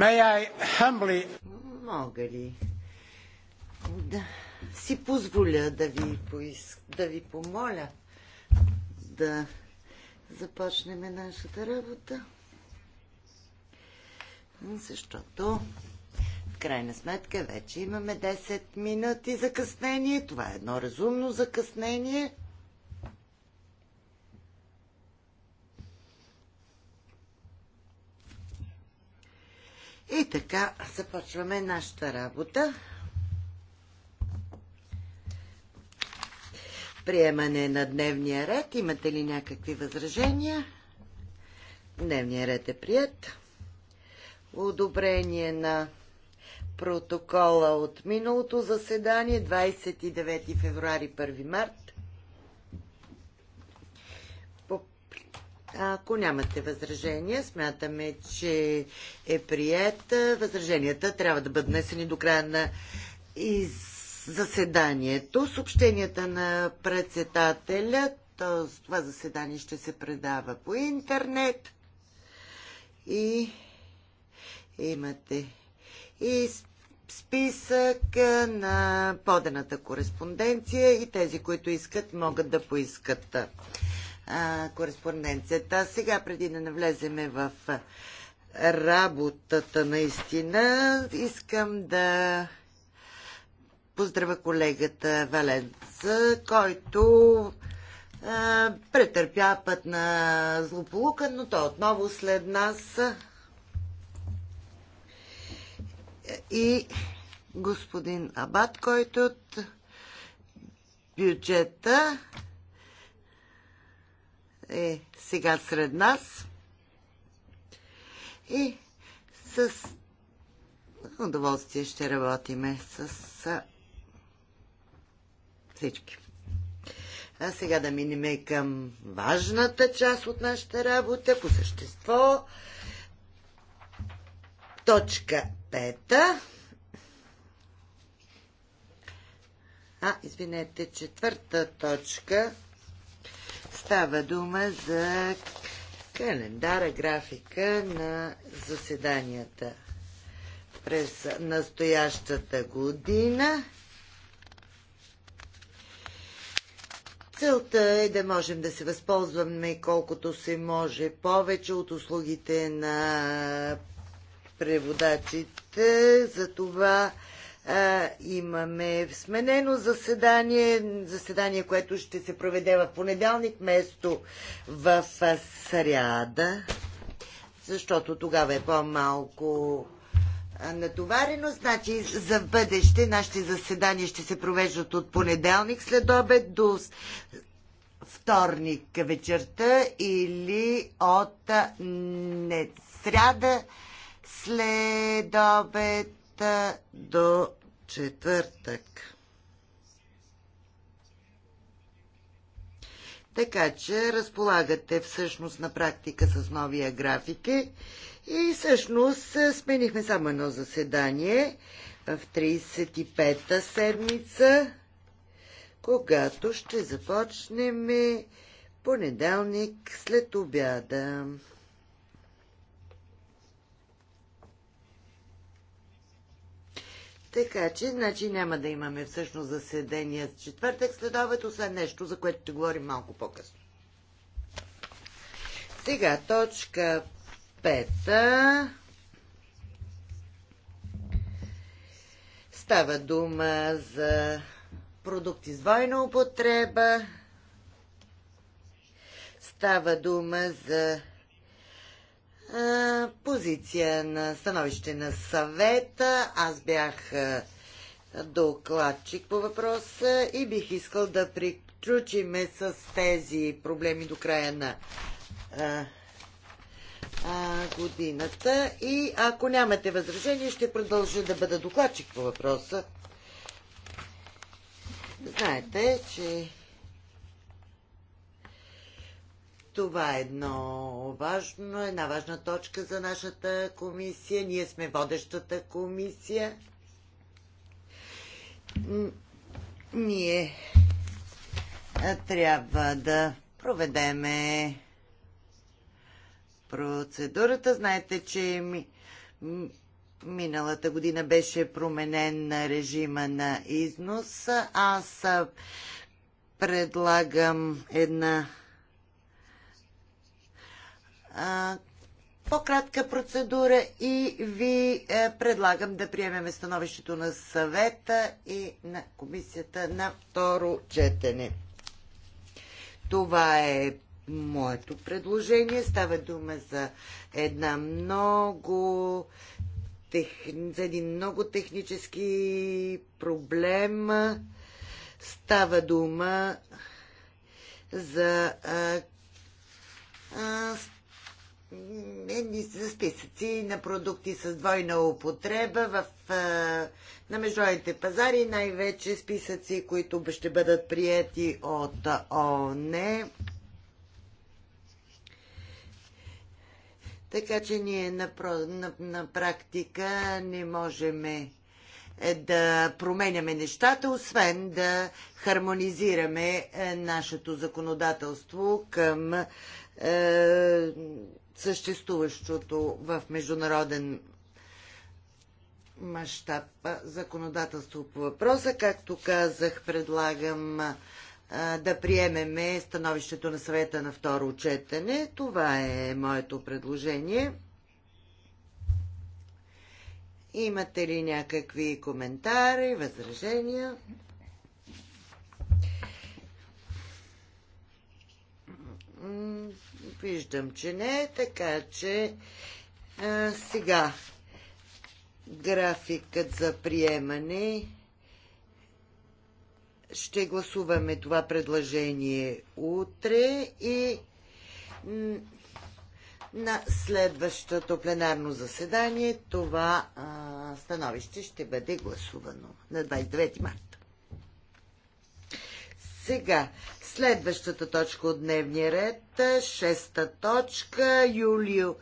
May I humbly... Мога ли да си позволя да ви, поис... да ви помоля да започнем нашата работа? Защото в крайна сметка вече имаме 10 минути закъснение. Това е едно разумно закъснение – започваме нашата работа. Приемане на дневния ред. Имате ли някакви възражения? Дневния ред е прият. Одобрение на протокола от миналото заседание 29 февруари 1 март Ако нямате възражения, смятаме, че е прият. Възраженията трябва да бъдат внесени до края на из заседанието. Съобщенията на председателя, т.е. това заседание ще се предава по интернет и имате и списък на подената кореспонденция и тези, които искат, могат да поискат а, кореспонденцията. Сега, преди да навлеземе в работата наистина, искам да поздравя колегата Валенц, който а, претърпя път на злополука, но той отново след нас. И господин Абат, който от бюджета е сега сред нас. И с удоволствие ще работиме с всички. А сега да минем към важната част от нашата работа по същество. Точка пета. А, извинете, четвърта точка Става дума за календара, графика на заседанията през настоящата година. Целта е да можем да се възползваме колкото се може повече от услугите на преводачите. за това имаме сменено заседание, заседание, което ще се проведе в понеделник, место в сряда, защото тогава е по-малко натоварено. Значи за бъдеще нашите заседания ще се провеждат от понеделник след обед до вторник вечерта или от не, сряда след обед събота до четвъртък. Така че разполагате всъщност на практика с новия графики, и всъщност е, сменихме само едно заседание в 35-та седмица, когато ще започнем понеделник след обяда. Така че, значи няма да имаме всъщност заседение с четвъртък след обед, освен нещо, за което ще говорим малко по-късно. Сега, точка пета. Става дума за продукти с двойна употреба. Става дума за позиция на становище на съвета. Аз бях докладчик по въпроса и бих искал да приключиме с тези проблеми до края на а, а, годината. И ако нямате възражение, ще продължа да бъда докладчик по въпроса. Знаете, че Това е едно важно, една важна точка за нашата комисия. Ние сме водещата комисия. Ние трябва да проведеме процедурата. Знаете, че ми, миналата година беше променен на режима на износ. Аз предлагам една по-кратка процедура и ви е, предлагам да приемеме становището на съвета и на комисията на второ четене. Това е моето предложение. Става дума за една много за един много технически проблем. Става дума за а, е, а, е, за списъци на продукти с двойна употреба в, на международните пазари, най-вече списъци, които ще бъдат приети от ООН. Така че ние на, на, на практика не можем е, да променяме нещата, освен да хармонизираме е, нашето законодателство към е, съществуващото в международен мащаб законодателство по въпроса. Както казах, предлагам да приемеме становището на съвета на второ четене. Това е моето предложение. Имате ли някакви коментари, възражения? Виждам, че не. Така че а, сега графикът за приемане. Ще гласуваме това предложение утре и на следващото пленарно заседание това а, становище ще бъде гласувано на 29 марта. Сега, следващата точка от дневния ред, е, шеста точка, Юлио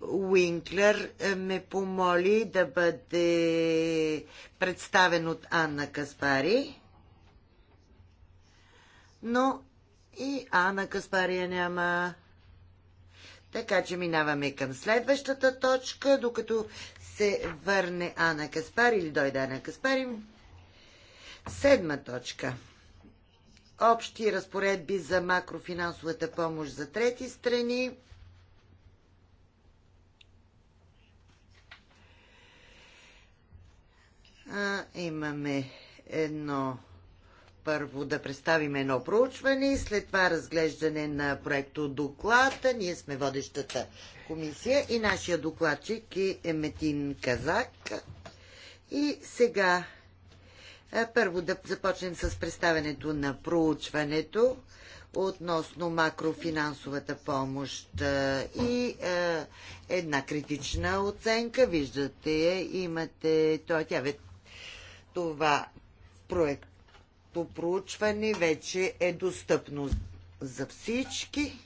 Уинклер е, ме помоли да бъде представен от Анна Каспари. Но и Анна Каспария няма. Така че минаваме към следващата точка, докато се върне Ана Каспари или дойде Ана Каспари. Седма точка – общи разпоредби за макрофинансовата помощ за трети страни. А, имаме едно първо да представим едно проучване и след това разглеждане на проекто доклада. Ние сме водещата комисия и нашия докладчик е Метин Казак. И сега е, първо да започнем с представенето на проучването относно макрофинансовата помощ е, и е, една критична оценка. Виждате я, имате това, тя ве, това проекто проучване вече е достъпно за всички.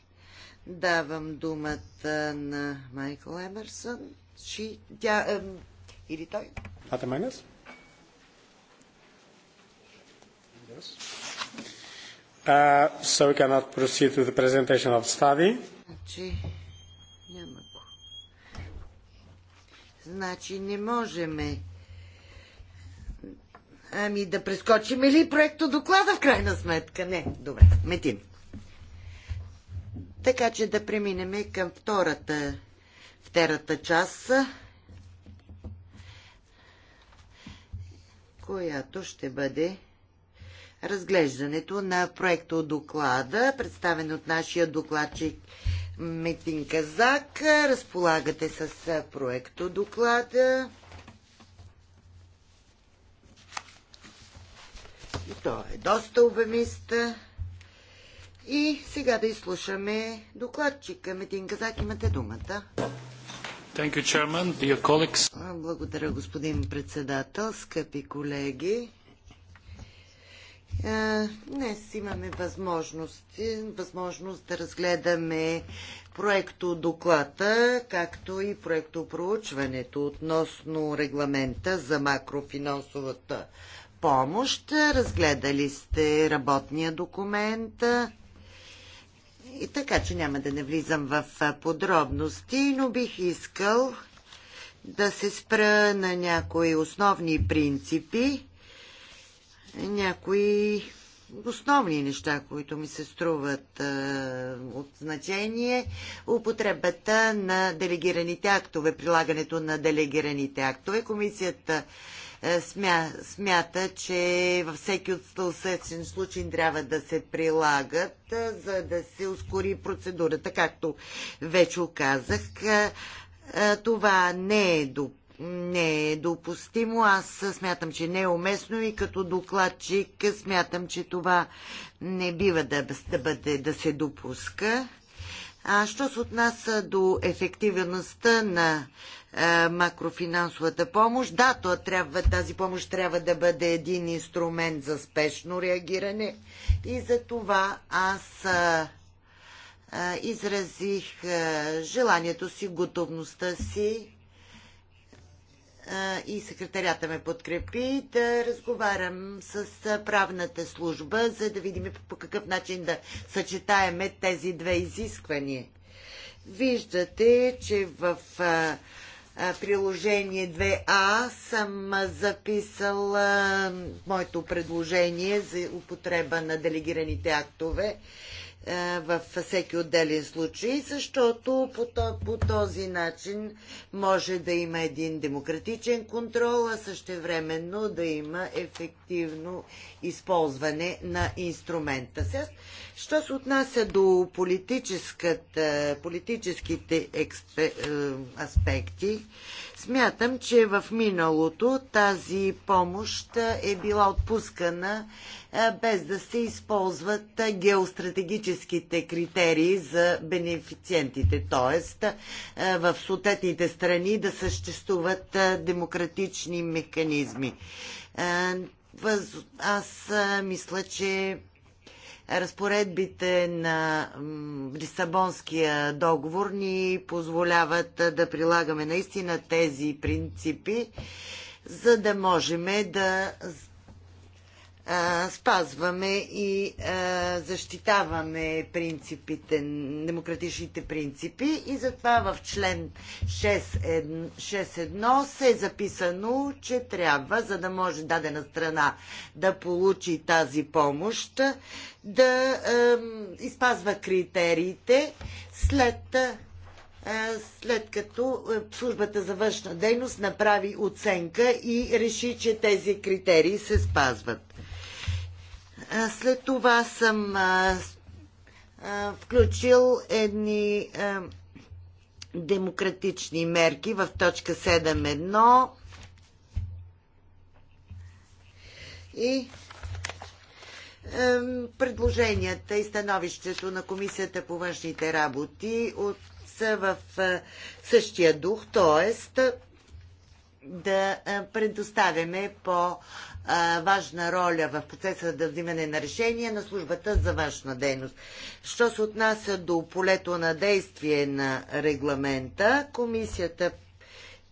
Давам думата на Майкъл Емерсън. Ши, тя, е, или той? Ата Майнес? Yes. Uh, so we cannot proceed to the presentation of study. Значи, няма го. Значи не можем. Ами да прескочим ли проекто доклада в крайна сметка? Не, добре, метим. Така че да преминем към втората, втората част, която ще бъде разглеждането на от доклада, представен от нашия докладчик Метин Казак. Разполагате с от доклада. И то е доста обемист. И сега да изслушаме докладчика. Метин Казак, имате думата. You, Благодаря, господин председател, скъпи колеги. Днес имаме възможност, възможност да разгледаме проекто доклада, както и проекто проучването относно регламента за макрофинансовата помощ. Разгледали сте работния документ. И така, че няма да навлизам в подробности, но бих искал да се спра на някои основни принципи някои основни неща, които ми се струват а, от значение. Употребата на делегираните актове, прилагането на делегираните актове. Комисията смя, смята, че във всеки от стълсечен случай трябва да се прилагат, за да се ускори процедурата. Както вече оказах, това не е допустимо не е допустимо. Аз смятам, че не е уместно и като докладчик смятам, че това не бива да, да, бъде, да се допуска. А що се отнася до ефективността на а, макрофинансовата помощ, да, това трябва, тази помощ трябва да бъде един инструмент за спешно реагиране и за това аз а, а, изразих а, желанието си, готовността си и секретарята ме подкрепи, да разговарям с правната служба, за да видим по какъв начин да съчетаеме тези две изисквания. Виждате, че в приложение 2А съм записал моето предложение за употреба на делегираните актове във е, всеки отделен случай, защото по, този начин може да има един демократичен контрол, а същевременно да има ефективно използване на инструмента. що се отнася до политическите е, аспекти, Смятам, че в миналото тази помощ е била отпускана без да се използват геостратегическите критерии за бенефициентите, т.е. в съответните страни да съществуват демократични механизми. Аз мисля, че разпоредбите на Лисабонския договор ни позволяват да прилагаме наистина тези принципи, за да можем да спазваме и а, защитаваме принципите, демократичните принципи и затова в член 6.1 се е записано, че трябва, за да може дадена страна да получи тази помощ, да а, изпазва критериите след след като е, службата за външна дейност направи оценка и реши, че тези критерии се спазват. След това съм включил едни демократични мерки в точка 7.1 и предложенията и становището на Комисията по външните работи от, са в същия дух, т.е. да предоставяме по важна роля в процеса да взимане на решение на службата за външна дейност. Що се отнася до полето на действие на регламента, комисията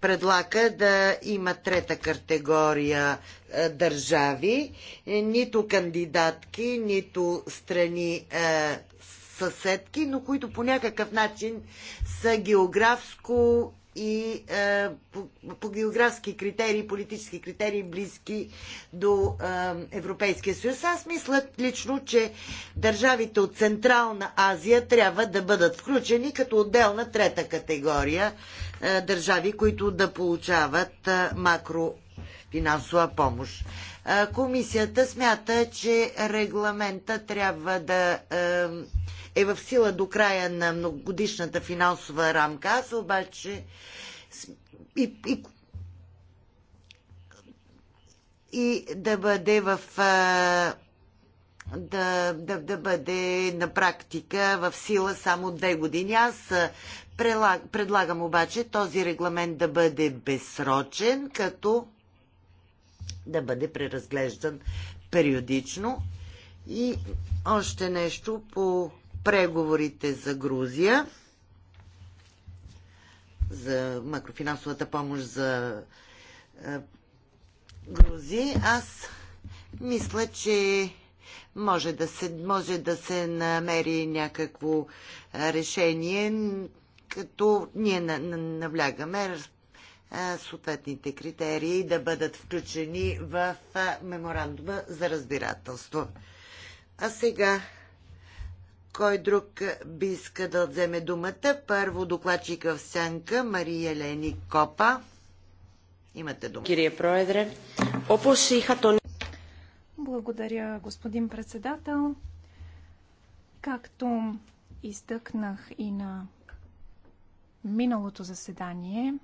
предлага да има трета категория държави, нито кандидатки, нито страни съседки, но които по някакъв начин са географско и е, по, по географски критерии, политически критерии, близки до е, Европейския съюз. Аз мисля лично, че държавите от Централна Азия трябва да бъдат включени като отделна трета категория е, държави, които да получават е, макрофинансова помощ. Е, комисията смята, че регламента трябва да. Е, е в сила до края на многогодишната финансова рамка. Аз обаче и, и, и да бъде в да, да, да бъде на практика в сила само две години. Аз прелаг, предлагам обаче този регламент да бъде безсрочен, като да бъде преразглеждан периодично. И още нещо по преговорите за Грузия, за макрофинансовата помощ за е, Грузия, аз мисля, че може да се, може да се намери някакво е, решение, като ние навлягаме е, съответните критерии да бъдат включени в меморандума за разбирателство. А сега кой друг е, би иска да вземе думата? Първо докладчика в сянка Мария Лени Копа. Имате дума. Кирия Проедре, опосиха то... Благодаря, господин председател. Както изтъкнах и на миналото заседание,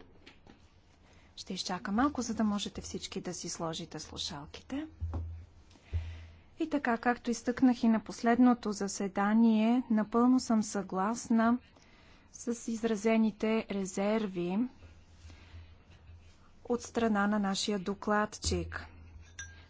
ще изчака малко, за да можете всички да си сложите слушалките. И така, както изтъкнах и на последното заседание, напълно съм съгласна с изразените резерви от страна на нашия докладчик.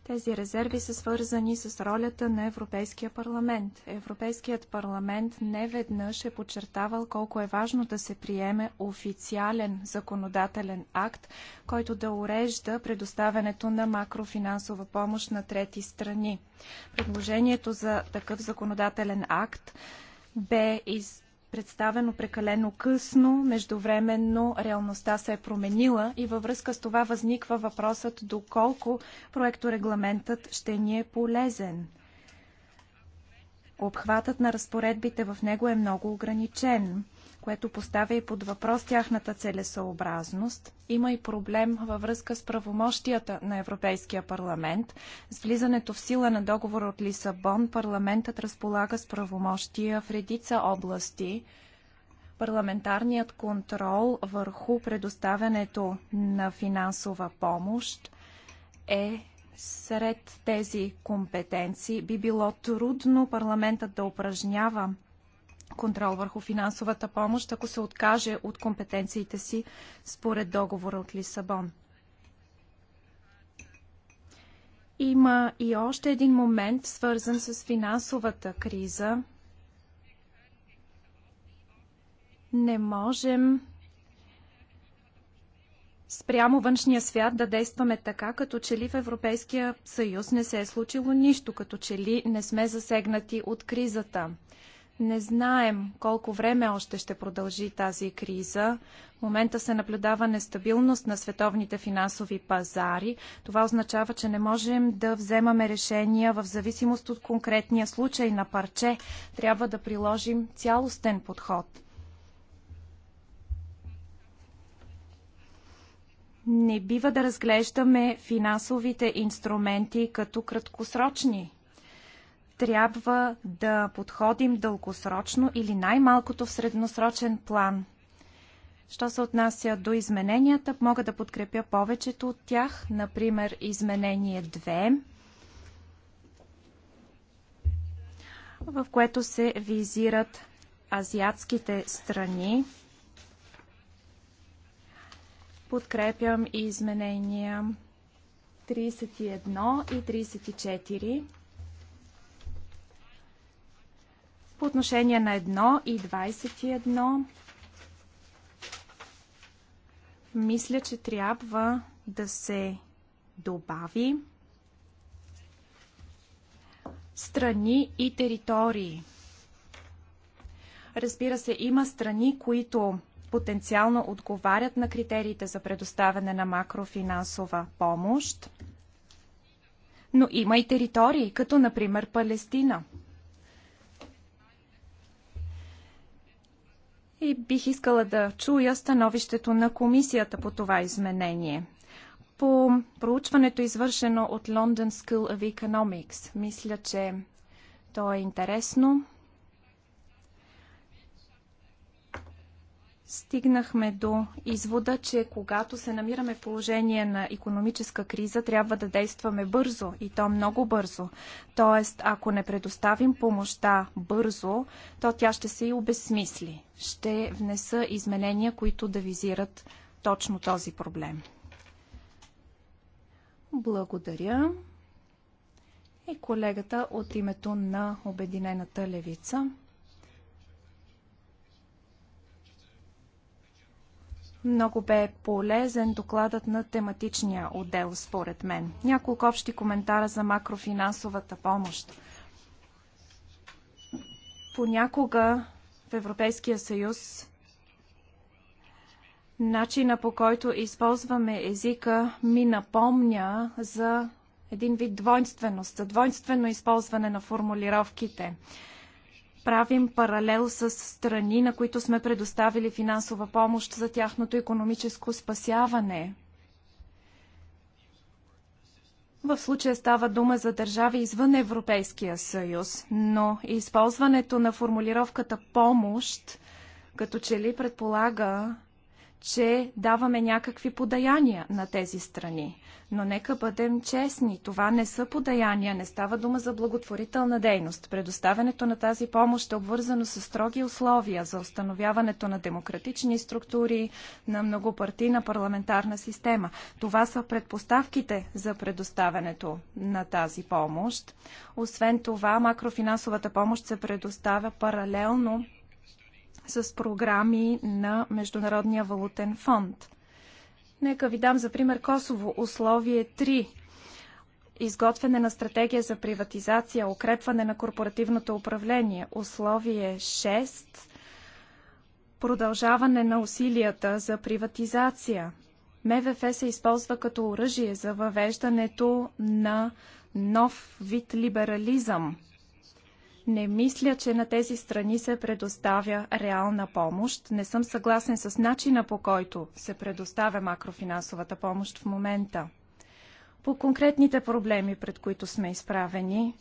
Тези резерви са свързани с ролята на Европейския парламент. Европейският парламент не веднъж е подчертавал колко е важно да се приеме официален законодателен акт, който да урежда предоставянето на макрофинансова помощ на трети страни. Предложението за такъв законодателен акт бе из представено прекалено късно. Междувременно реалността се е променила и във връзка с това възниква въпросът доколко проекторегламентът ще ни е полезен. Обхватът на разпоредбите в него е много ограничен което поставя и под въпрос тяхната целесообразност. Има и проблем във връзка с правомощията на Европейския парламент. С влизането в сила на договор от Лисабон, парламентът разполага с правомощия в редица области. Парламентарният контрол върху предоставянето на финансова помощ е сред тези компетенции би било трудно парламентът да упражнява контрол върху финансовата помощ, ако се откаже от компетенциите си според договора от Лисабон. Има и още един момент, свързан с финансовата криза. Не можем спрямо външния свят да действаме така, като че ли в Европейския съюз не се е случило нищо, като че ли не сме засегнати от кризата. Не знаем колко време още ще продължи тази криза. В момента се наблюдава нестабилност на световните финансови пазари. Това означава, че не можем да вземаме решения в зависимост от конкретния случай на парче. Трябва да приложим цялостен подход. Не бива да разглеждаме финансовите инструменти като краткосрочни трябва да подходим дългосрочно или най-малкото в средносрочен план. Що се отнася до измененията, мога да подкрепя повечето от тях, например изменение 2, в което се визират азиатските страни. Подкрепям и изменения 31 и 34. По отношение на 1 и 21, мисля, че трябва да се добави страни и територии. Разбира се, има страни, които потенциално отговарят на критериите за предоставяне на макрофинансова помощ, но има и територии, като например Палестина – и бих искала да чуя становището на комисията по това изменение. По проучването, извършено от London School of Economics, мисля, че то е интересно. стигнахме до извода, че когато се намираме в положение на економическа криза, трябва да действаме бързо и то много бързо. Тоест, ако не предоставим помощта бързо, то тя ще се и обезсмисли. Ще внеса изменения, които да визират точно този проблем. Благодаря. И колегата от името на Обединената левица. Много бе полезен докладът на тематичния отдел, според мен. Няколко общи коментара за макрофинансовата помощ. Понякога в Европейския съюз начина по който използваме езика ми напомня за един вид двойственост, за двойствено използване на формулировките – правим паралел с страни, на които сме предоставили финансова помощ за тяхното економическо спасяване. В случая става дума за държави извън Европейския съюз, но използването на формулировката помощ като че ли предполага че даваме някакви подаяния на тези страни. Но нека бъдем честни, това не са подаяния, не става дума за благотворителна дейност. Предоставянето на тази помощ е обвързано с строги условия за установяването на демократични структури, на многопартийна парламентарна система. Това са предпоставките за предоставянето на тази помощ. Освен това, макрофинансовата помощ се предоставя паралелно с програми на Международния валутен фонд. Нека ви дам за пример Косово, условие 3 изготвяне на стратегия за приватизация, укрепване на корпоративното управление, условие 6 продължаване на усилията за приватизация. МВФ се използва като оръжие за въвеждането на нов вид либерализъм – не мисля, че на тези страни се предоставя реална помощ. Не съм съгласен с начина по който се предоставя макрофинансовата помощ в момента. По конкретните проблеми, пред които сме изправени,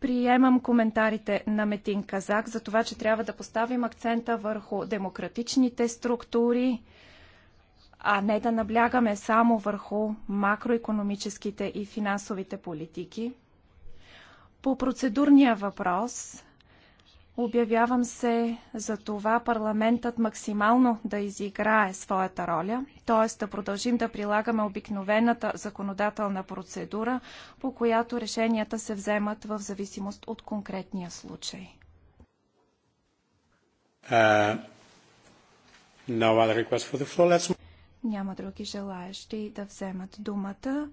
приемам коментарите на Метин Казак за това, че трябва да поставим акцента върху демократичните структури, а не да наблягаме само върху макроекономическите и финансовите политики. По процедурния въпрос обявявам се за това парламентът максимално да изиграе своята роля, т.е. да продължим да прилагаме обикновената законодателна процедура, по която решенията се вземат в зависимост от конкретния случай. Uh, no Няма други желаящи да вземат думата.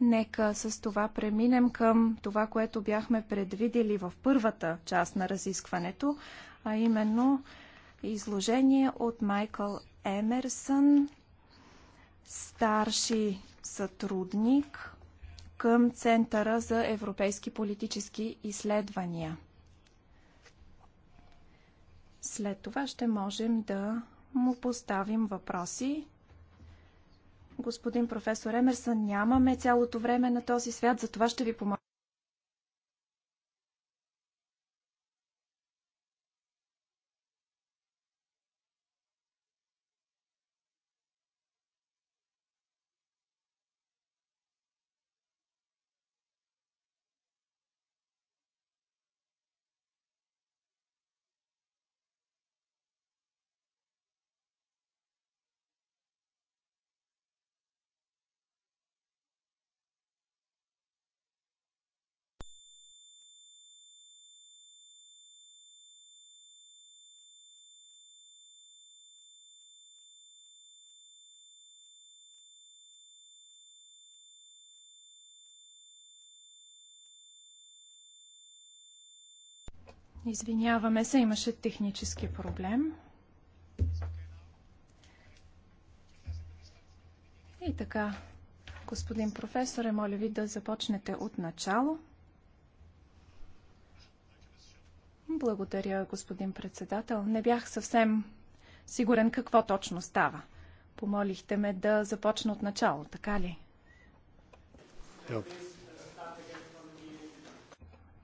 Нека с това преминем към това, което бяхме предвидели в първата част на разискването, а именно изложение от Майкъл Емерсън, старши сътрудник към Центъра за европейски политически изследвания. След това ще можем да му поставим въпроси господин професор Емерсън. Нямаме цялото време на този свят, затова ще ви помоля Извиняваме се, имаше технически проблем. И така, господин професор, моля ви да започнете от начало. Благодаря, господин председател. Не бях съвсем сигурен какво точно става. Помолихте ме да започна от начало, така ли?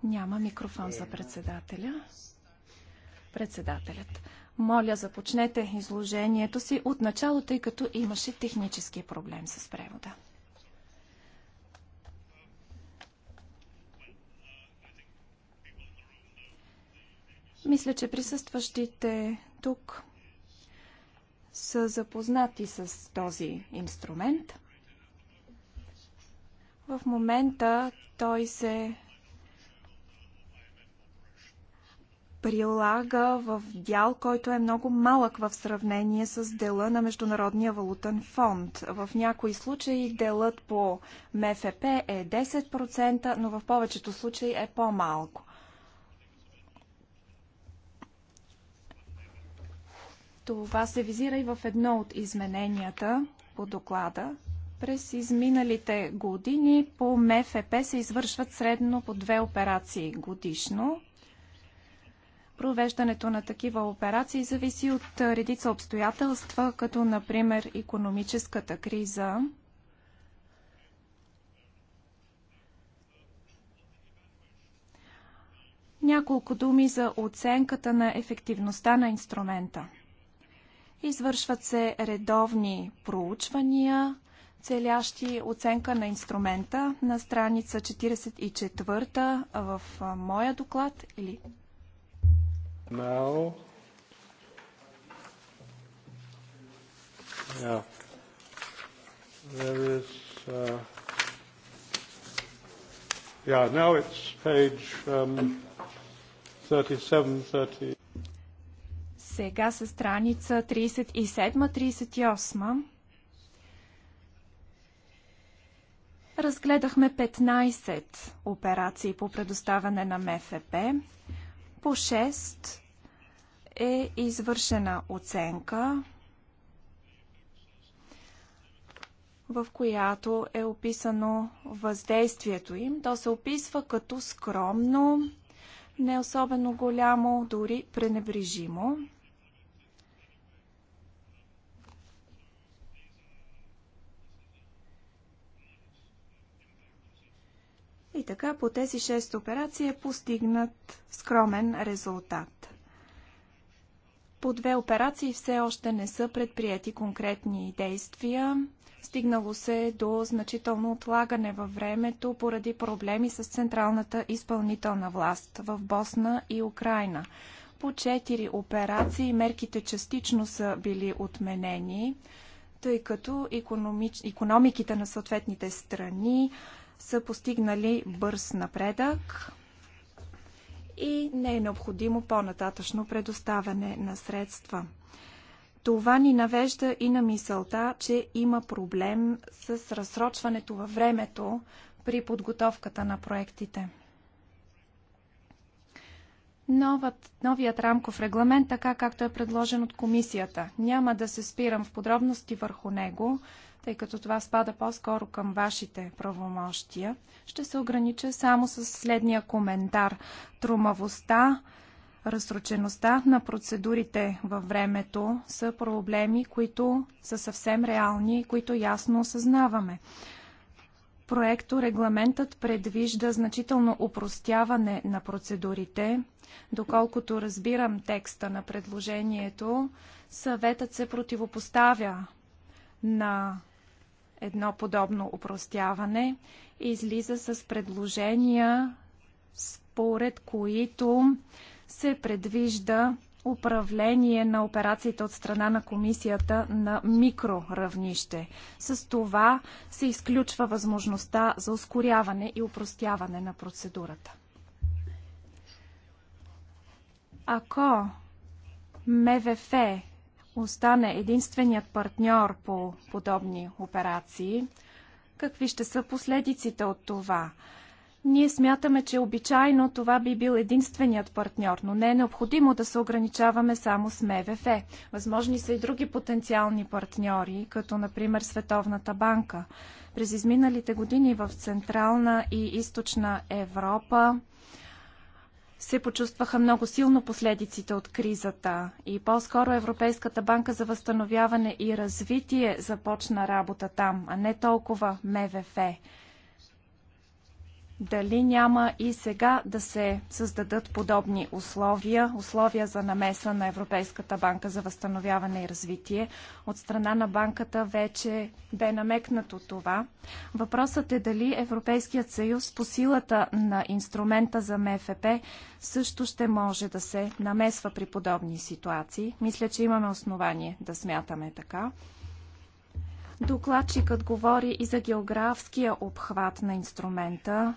Няма микрофон за председателя. Председателят. Моля, започнете изложението си от начало, тъй като имаше технически проблем с превода. Мисля, че присъстващите тук са запознати с този инструмент. В момента той се прилага в дял, който е много малък в сравнение с дела на Международния валутен фонд. В някои случаи делът по МФП е 10%, но в повечето случаи е по-малко. Това се визира и в едно от измененията по доклада. През изминалите години по МФП се извършват средно по две операции годишно. Провеждането на такива операции зависи от редица обстоятелства, като например економическата криза, Няколко думи за оценката на ефективността на инструмента. Извършват се редовни проучвания, целящи оценка на инструмента на страница 44 в моя доклад или now. Yeah. There is. Uh, yeah, now it's page um, 37, 30. Сега са страница 37-38. Разгледахме 15 операции по предоставяне на МФП по 6 е извършена оценка, в която е описано въздействието им. То се описва като скромно, не особено голямо, дори пренебрежимо. така по тези 6 операции е постигнат скромен резултат. По две операции все още не са предприяти конкретни действия. Стигнало се до значително отлагане във времето поради проблеми с централната изпълнителна власт в Босна и Украина. По четири операции мерките частично са били отменени, тъй като економич... економиките на съответните страни са постигнали бърз напредък и не е необходимо по-нататъчно предоставяне на средства. Това ни навежда и на мисълта, че има проблем с разсрочването във времето при подготовката на проектите. Новът, новият рамков регламент, така както е предложен от комисията, няма да се спирам в подробности върху него, тъй като това спада по-скоро към вашите правомощия, ще се огранича само с следния коментар. Трумавостта, разрочеността на процедурите във времето са проблеми, които са съвсем реални и които ясно осъзнаваме. Проекто регламентът предвижда значително упростяване на процедурите. Доколкото разбирам текста на предложението, съветът се противопоставя на едно подобно упростяване и излиза с предложения, според които се предвижда управление на операциите от страна на комисията на микроравнище. С това се изключва възможността за ускоряване и упростяване на процедурата. Ако МВФ остане единственият партньор по подобни операции, какви ще са последиците от това? Ние смятаме, че обичайно това би бил единственият партньор, но не е необходимо да се ограничаваме само с МВФ. Възможни са и други потенциални партньори, като например Световната банка. През изминалите години в Централна и Източна Европа се почувстваха много силно последиците от кризата и по-скоро Европейската банка за възстановяване и развитие започна работа там, а не толкова МВФ дали няма и сега да се създадат подобни условия, условия за намеса на Европейската банка за възстановяване и развитие. От страна на банката вече бе намекнато това. Въпросът е дали Европейският съюз по силата на инструмента за МФП също ще може да се намесва при подобни ситуации. Мисля, че имаме основание да смятаме така. Докладчикът говори и за географския обхват на инструмента.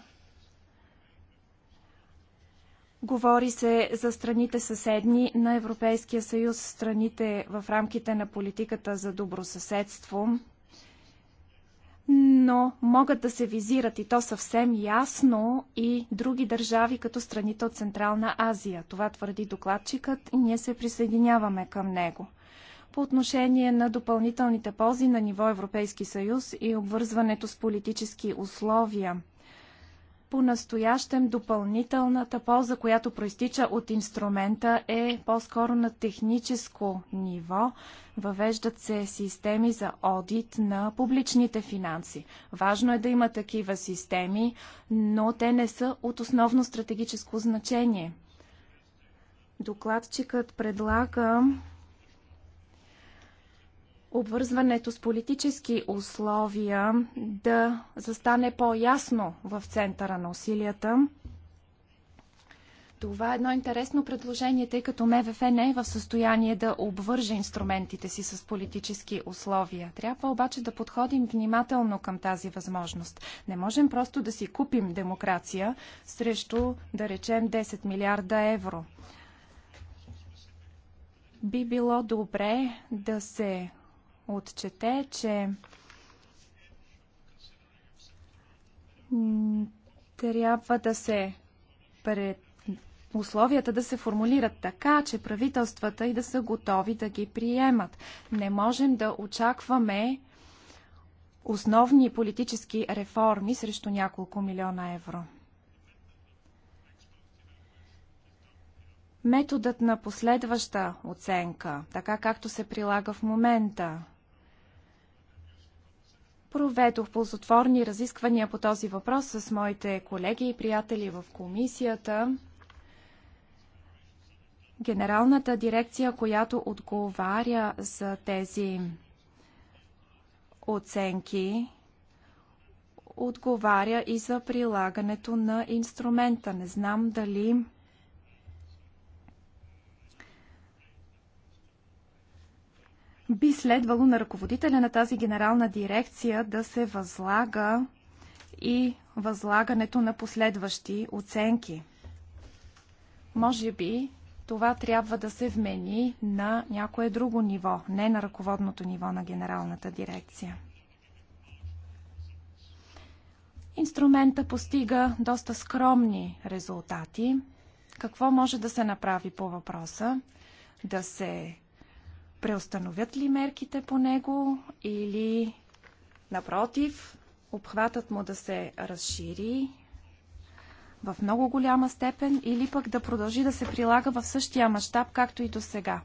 Говори се за страните съседни на Европейския съюз, страните в рамките на политиката за добросъседство, но могат да се визират и то съвсем ясно и други държави, като страните от Централна Азия. Това твърди докладчикът и ние се присъединяваме към него. По отношение на допълнителните ползи на ниво Европейски съюз и обвързването с политически условия – по-настоящем допълнителната полза, която проистича от инструмента е по-скоро на техническо ниво. Въвеждат се системи за одит на публичните финанси. Важно е да има такива системи, но те не са от основно стратегическо значение. Докладчикът предлага обвързването с политически условия да застане по-ясно в центъра на усилията. Това е едно интересно предложение, тъй като МВФ не е в състояние да обвърже инструментите си с политически условия. Трябва обаче да подходим внимателно към тази възможност. Не можем просто да си купим демокрация срещу, да речем, 10 милиарда евро би било добре да се отчете, че трябва да се пред условията да се формулират така, че правителствата и да са готови да ги приемат. Не можем да очакваме основни политически реформи срещу няколко милиона евро. Методът на последваща оценка, така както се прилага в момента, Проведох ползотворни разисквания по този въпрос с моите колеги и приятели в комисията. Генералната дирекция, която отговаря за тези оценки, отговаря и за прилагането на инструмента. Не знам дали би следвало на ръководителя на тази генерална дирекция да се възлага и възлагането на последващи оценки. Може би това трябва да се вмени на някое друго ниво, не на ръководното ниво на генералната дирекция. Инструмента постига доста скромни резултати. Какво може да се направи по въпроса? Да се преустановят ли мерките по него или напротив, обхватът му да се разшири в много голяма степен или пък да продължи да се прилага в същия мащаб, както и до сега.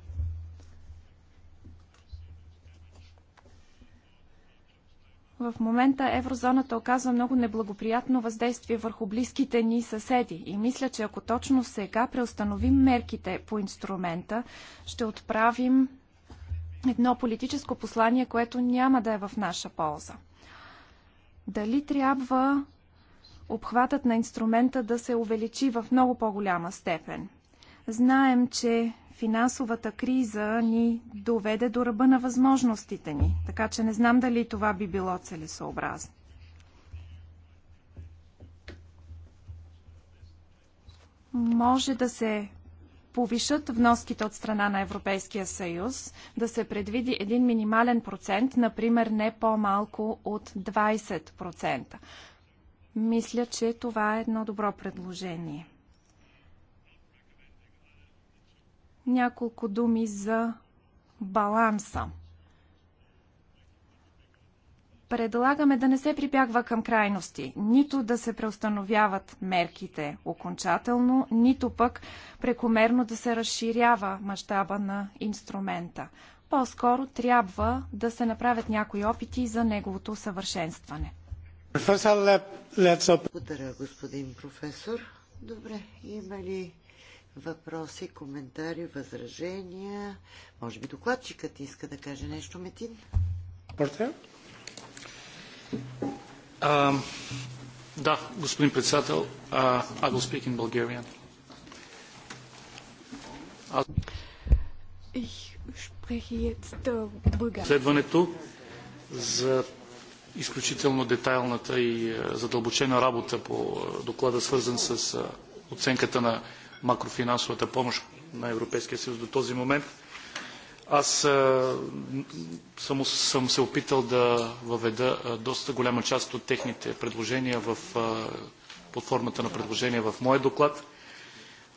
В момента еврозоната оказва много неблагоприятно въздействие върху близките ни съседи и мисля, че ако точно сега преустановим мерките по инструмента, ще отправим едно политическо послание, което няма да е в наша полза. Дали трябва обхватът на инструмента да се увеличи в много по-голяма степен? Знаем, че финансовата криза ни доведе до ръба на възможностите ни, така че не знам дали това би било целесообразно. Може да се повишат вноските от страна на Европейския съюз, да се предвиди един минимален процент, например не по-малко от 20%. Мисля, че това е едно добро предложение. Няколко думи за баланса предлагаме да не се прибягва към крайности, нито да се преустановяват мерките окончателно, нито пък прекомерно да се разширява мащаба на инструмента. По-скоро трябва да се направят някои опити за неговото съвършенстване. Благодаря, господин професор. Добре, има ли въпроси, коментари, възражения? Може би докладчикът иска да каже нещо, Метин? Портер? Да, господин председател, I will speak in Bulgarian. Следването за изключително детайлната и задълбочена работа по доклада, свързан с оценката на макрофинансовата помощ на Европейския съюз до този момент – аз съм, съм се опитал да въведа доста голяма част от техните предложения в, под формата на предложения в моя доклад.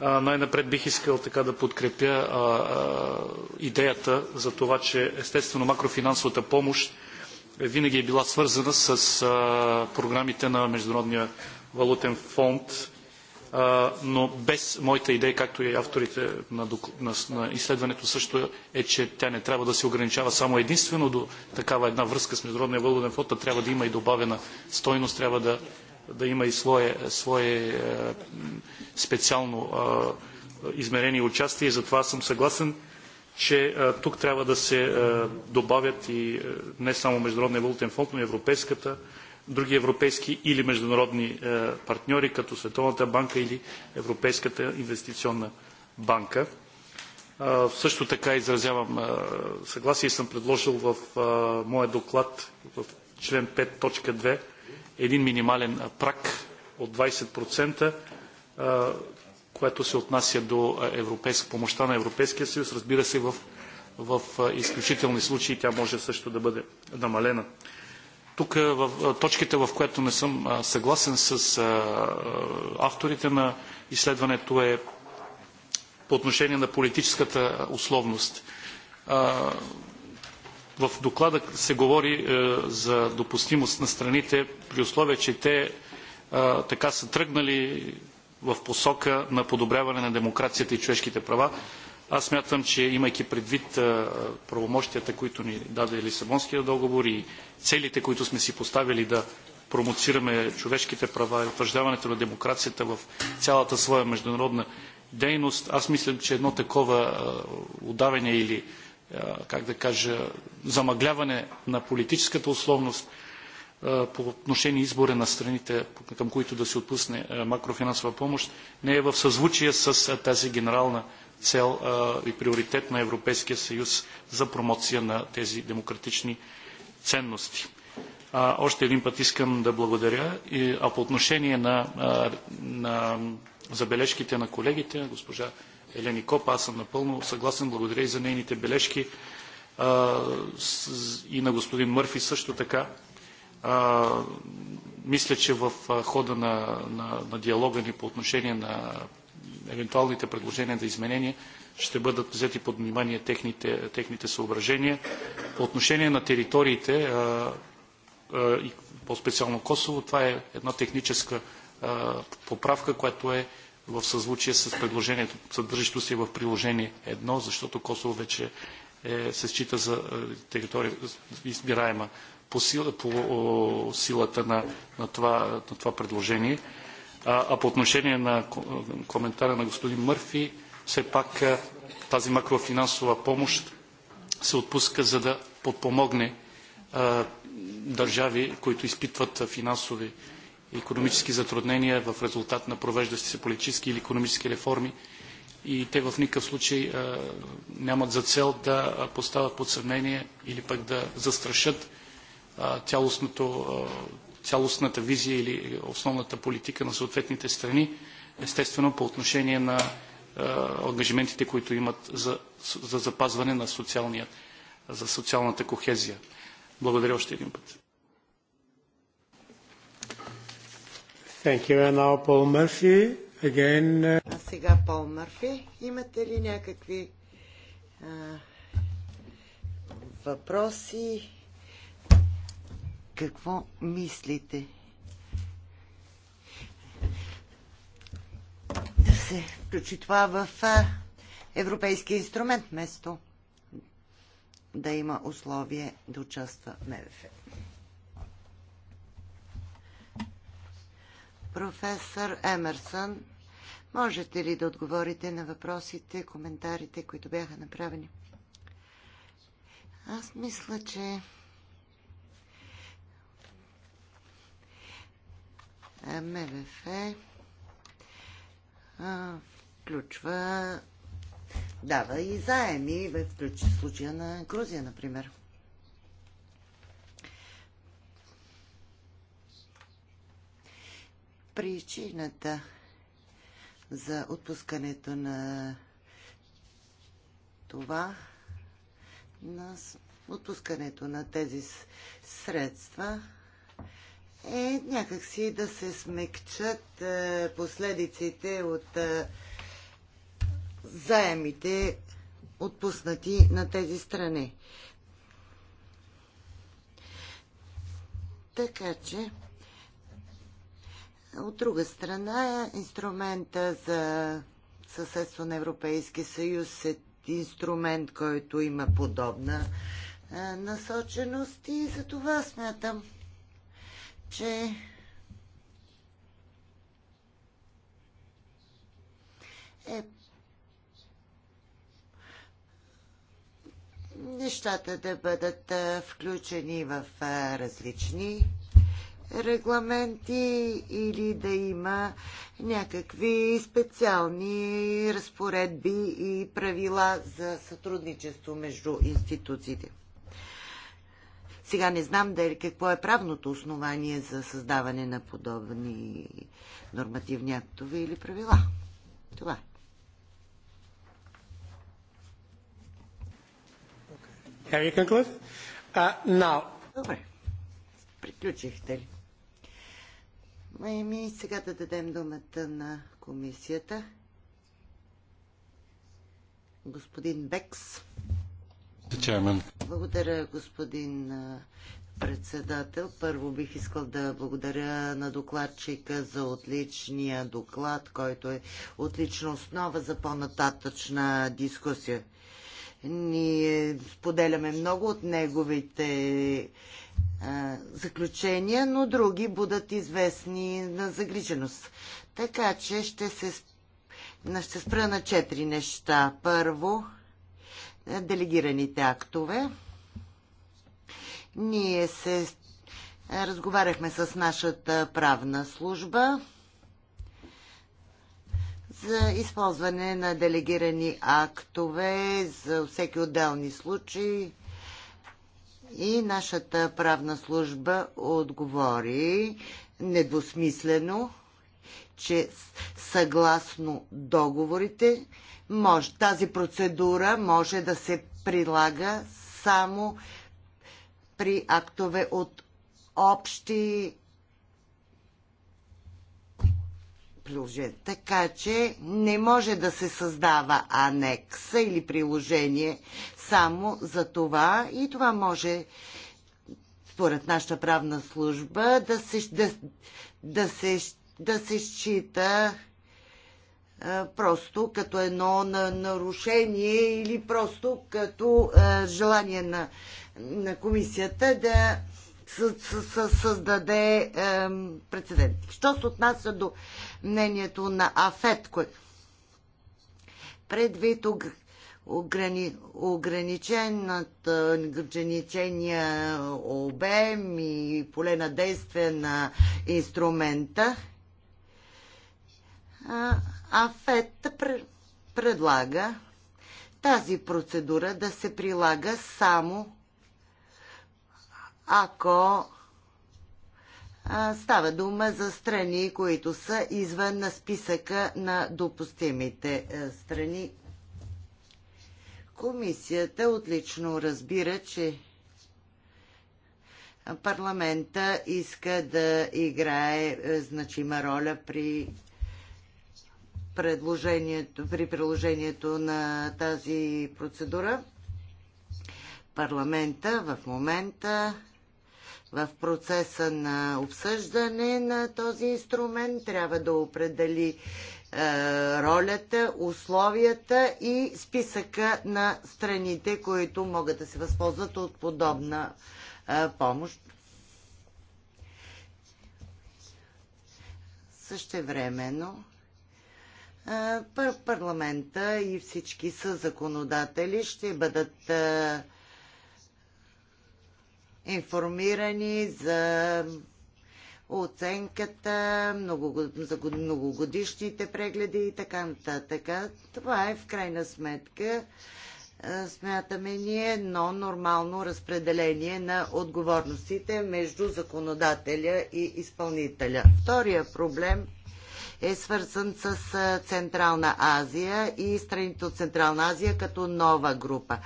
Най-напред бих искал така да подкрепя а, а, идеята за това, че естествено макрофинансовата помощ винаги е била свързана с а, програмите на Международния валутен фонд но без моята идея, както и авторите на, изследването също е, че тя не трябва да се ограничава само единствено до такава една връзка с Международния валутен фонд, а трябва да има и добавена стойност, трябва да, да има и свое, свое е, специално измерение и участие. И затова съм съгласен, че тук трябва да се добавят и не само Международния валутен фонд, но и Европейската други европейски или международни е, партньори, като Световната банка или Европейската инвестиционна банка. Е, също така изразявам е, съгласие и съм предложил в моя доклад в член 5.2 един минимален прак от 20%, което се отнася до помощта на Европейския съюз. Разбира се, в, изключителни случаи тя може също да бъде намалена. Тук е, в е, точките, в което не съм съгласен с авторите на изследването е по отношение на политическата условност. В доклада се говори е, за допустимост на страните при условие, че те така са тръгнали в посока на подобряване на демокрацията и човешките права. Аз смятам, че имайки предвид правомощията, които ни даде Лисабонския договор и целите, които сме си поставили да промоцираме човешките права и утвърждаването на демокрацията в цялата своя международна дейност, аз мисля, че едно такова удавяне или, как да кажа, замъгляване на политическата условност по отношение избора на страните, към които да се отпусне макрофинансова помощ, не е в съзвучие с тази генерална цел и приоритет на Европейския съюз за промоция на тези демократични ценности. Още един път искам да благодаря. А по отношение на, на забележките на колегите, госпожа Елени Коп, аз съм напълно съгласен. Благодаря и за нейните бележки и на господин Мърфи също така. Мисля, че в хода на, на, на диалога ни по отношение на евентуалните предложения за изменения ще бъдат взети под внимание техните, техните съображения. По отношение на териториите а, а, и по-специално Косово, това е една техническа а, поправка, която е в съзвучие с предложението, съдържащо се в приложение едно, защото Косово вече е, се счита за територия избираема по, сила, по силата на, на, това, на това предложение. А по отношение на коментара на господин Мърфи, все пак тази макрофинансова помощ се отпуска за да подпомогне държави, които изпитват финансови и економически затруднения в резултат на провеждащи се политически или економически реформи и те в никакъв случай а, нямат за цел да поставят под съмнение или пък да застрашат а, цялостното, а, цялостната визия или основната политика на съответните страни, естествено по отношение на ангажиментите, които имат за, за запазване на социалния, за социалната кохезия. Благодаря още един път. Thank you. And now Paul Murphy again. Uh, а сега Пол Мърфи. Имате ли някакви а, въпроси? какво мислите? Да се включи това в Европейски инструмент, вместо да има условие да участва МВФ. Професор Емерсън, можете ли да отговорите на въпросите, коментарите, които бяха направени? Аз мисля, че МВФ включва дава и заеми, в случая на Грузия, например. Причината за отпускането на това, на отпускането на тези средства е някакси да се смекчат е, последиците от е, заемите отпуснати на тези страни. Така че, от друга страна, инструмента за съседство на Европейски съюз е инструмент, който има подобна е, насоченост и за това смятам, че е нещата да бъдат включени в различни регламенти или да има някакви специални разпоредби и правила за сътрудничество между институциите. Сега не знам дали какво е правното основание за създаване на подобни нормативни актове или правила. Това е. Have you concluded? Uh, now. Добре. Приключихте ли? Ами, сега да дадем думата на комисията. Господин Бекс. Благодаря, господин председател. Първо бих искал да благодаря на докладчика за отличния доклад, който е отлична основа за по-нататъчна дискусия. Ние споделяме много от неговите а, заключения, но други будат известни на загриженост. Така че ще се ще спра на четири неща. Първо, делегираните актове. Ние се разговаряхме с нашата правна служба за използване на делегирани актове за всеки отделни случаи и нашата правна служба отговори недвусмислено, че съгласно договорите може, тази процедура може да се прилага само при актове от общи приложения. Така че не може да се създава анекса или приложение само за това и това може според нашата правна служба да се, да, да се да се счита просто като едно нарушение или просто като желание на, на комисията да създаде прецедент. Що се отнася до мнението на АФЕТ, кое... предвид ограни... ограничения обем и поле на действие на инструмента, а АФЕТ предлага тази процедура да се прилага само ако става дума за страни, които са извън на списъка на допустимите е, страни. Комисията отлично разбира, че парламента иска да играе е, значима роля при предложението, при приложението на тази процедура. Парламента в момента в процеса на обсъждане на този инструмент трябва да определи е, ролята, условията и списъка на страните, които могат да се възползват от подобна е, помощ. Същевременно парламента и всички са законодатели ще бъдат информирани за оценката, многогодишните прегледи и така нататък. Това е в крайна сметка, смятаме ние, едно нормално разпределение на отговорностите между законодателя и изпълнителя. Втория проблем е свързан с Централна Азия и страните от Централна Азия като нова група.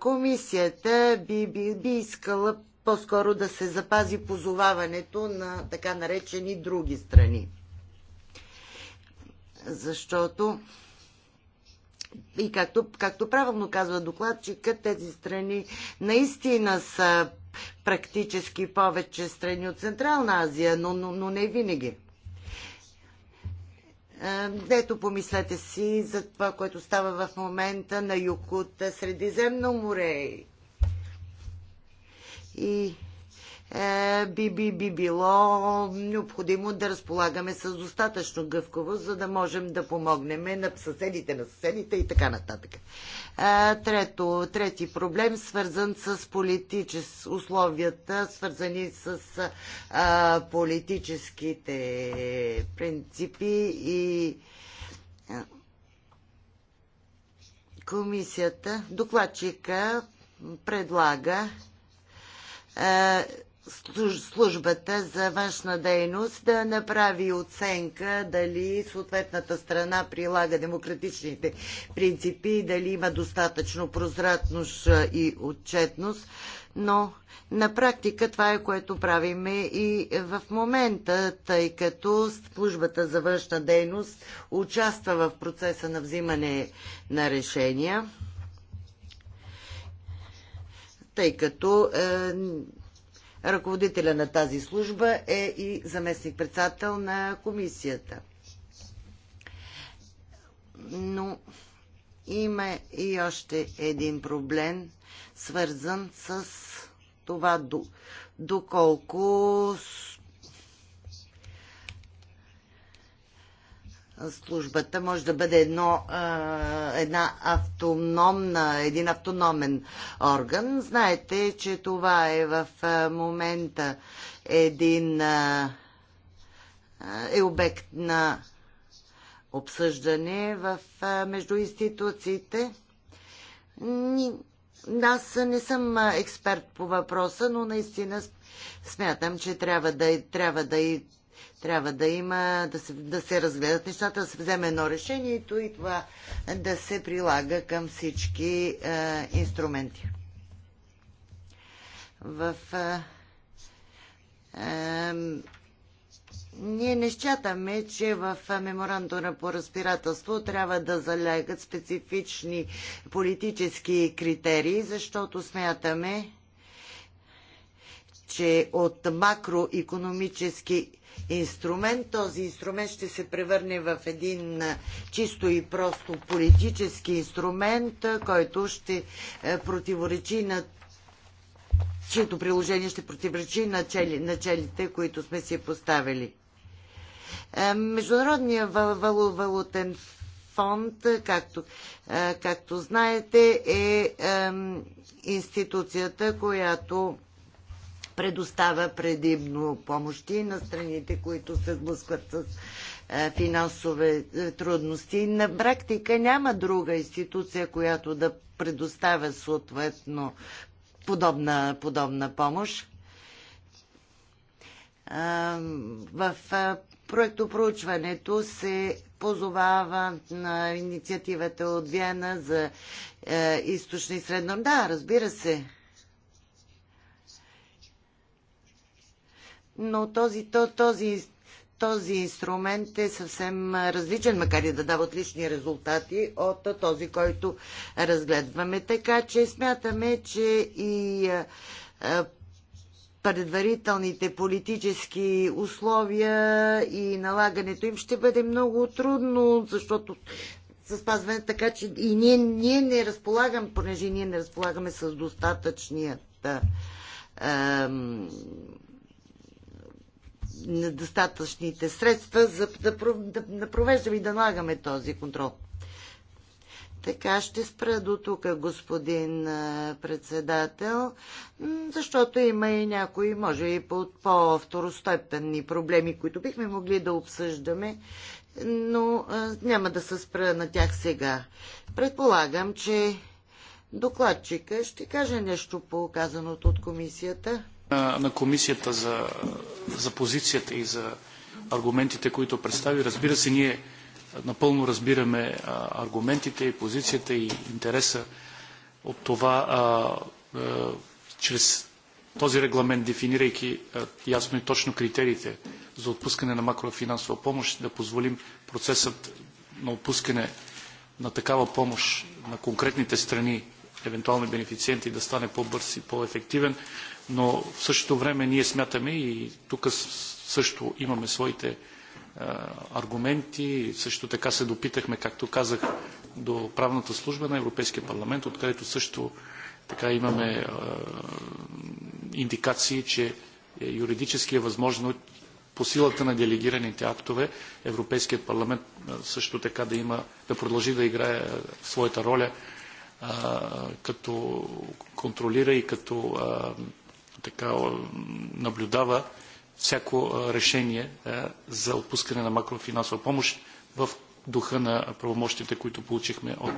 Комисията би, би, би искала по-скоро да се запази позоваването на така наречени други страни. Защото и както, както правилно казва докладчикът, тези страни наистина са практически повече страни от Централна Азия, но, но, но не винаги. Е, Ето помислете си за това, което става в момента на юг от Средиземно море. И е, би, би, би било необходимо да разполагаме с достатъчно гъвкаво, за да можем да помогнем на съседите, на съседите и така нататък. Е, трето, трети проблем, свързан с политически условията, свързани с а, политическите принципи и комисията, докладчика предлага е, службата за външна дейност да направи оценка дали съответната страна прилага демократичните принципи, дали има достатъчно прозрачност и отчетност, но на практика това е което правиме и в момента, тъй като службата за външна дейност участва в процеса на взимане на решения, тъй като е, Ръководителя на тази служба е и заместник-председател на комисията. Но има и още един проблем, свързан с това доколко службата може да бъде едно, една автономна, един автономен орган. Знаете, че това е в момента един е обект на обсъждане в, между институциите. Аз не съм експерт по въпроса, но наистина смятам, че трябва да, трябва да и трябва да има, да се, да се разгледат нещата, да се вземе едно решение и това да се прилага към всички е, инструменти. В е, е, ние не считаме, че в меморандума по разбирателство трябва да залягат специфични политически критерии, защото смятаме, че от макроекономически инструмент. Този инструмент ще се превърне в един чисто и просто политически инструмент, който ще противоречи на чието приложение ще противоречи на, чели, на челите, които сме си поставили. Международният вал, вал, валутен фонд, както, както знаете, е институцията, която предоставя предимно помощи на страните, които се сблъскват с е, финансови е, трудности. На практика няма друга институция, която да предоставя съответно подобна, подобна помощ. В проекто проучването се позовава на инициативата от Виена за е, източни средно. Да, разбира се. но този, този, този инструмент е съвсем различен, макар и да дава отлични резултати от този, който разгледваме. Така че смятаме, че и предварителните политически условия и налагането им ще бъде много трудно, защото за спазване, така че и ние, ние не разполагаме, понеже ние не разполагаме с достатъчният ем, достатъчните средства за да, да, да провеждаме и да налагаме този контрол. Така ще спра до тук, господин председател, защото има и някои, може и по-второстепенни проблеми, които бихме могли да обсъждаме, но няма да се спра на тях сега. Предполагам, че докладчика ще каже нещо по казаното от комисията. На, на комисията за, за позицията и за аргументите, които представи. Разбира се, ние напълно разбираме а, аргументите и позицията и интереса от това а, а, чрез този регламент, дефинирайки ясно и точно критериите за отпускане на макрофинансова помощ, да позволим процесът на отпускане на такава помощ на конкретните страни евентуални бенефициенти да стане по-бърз и по-ефективен, но в същото време ние смятаме и тук също имаме своите аргументи. Също така се допитахме, както казах, до правната служба на Европейския парламент, откъдето също така имаме индикации, че е юридически е възможно по силата на делегираните актове Европейският парламент също така да има, да продължи да играе своята роля като контролира и като така наблюдава всяко решение за отпускане на макрофинансова помощ в духа на правомощите, които получихме от,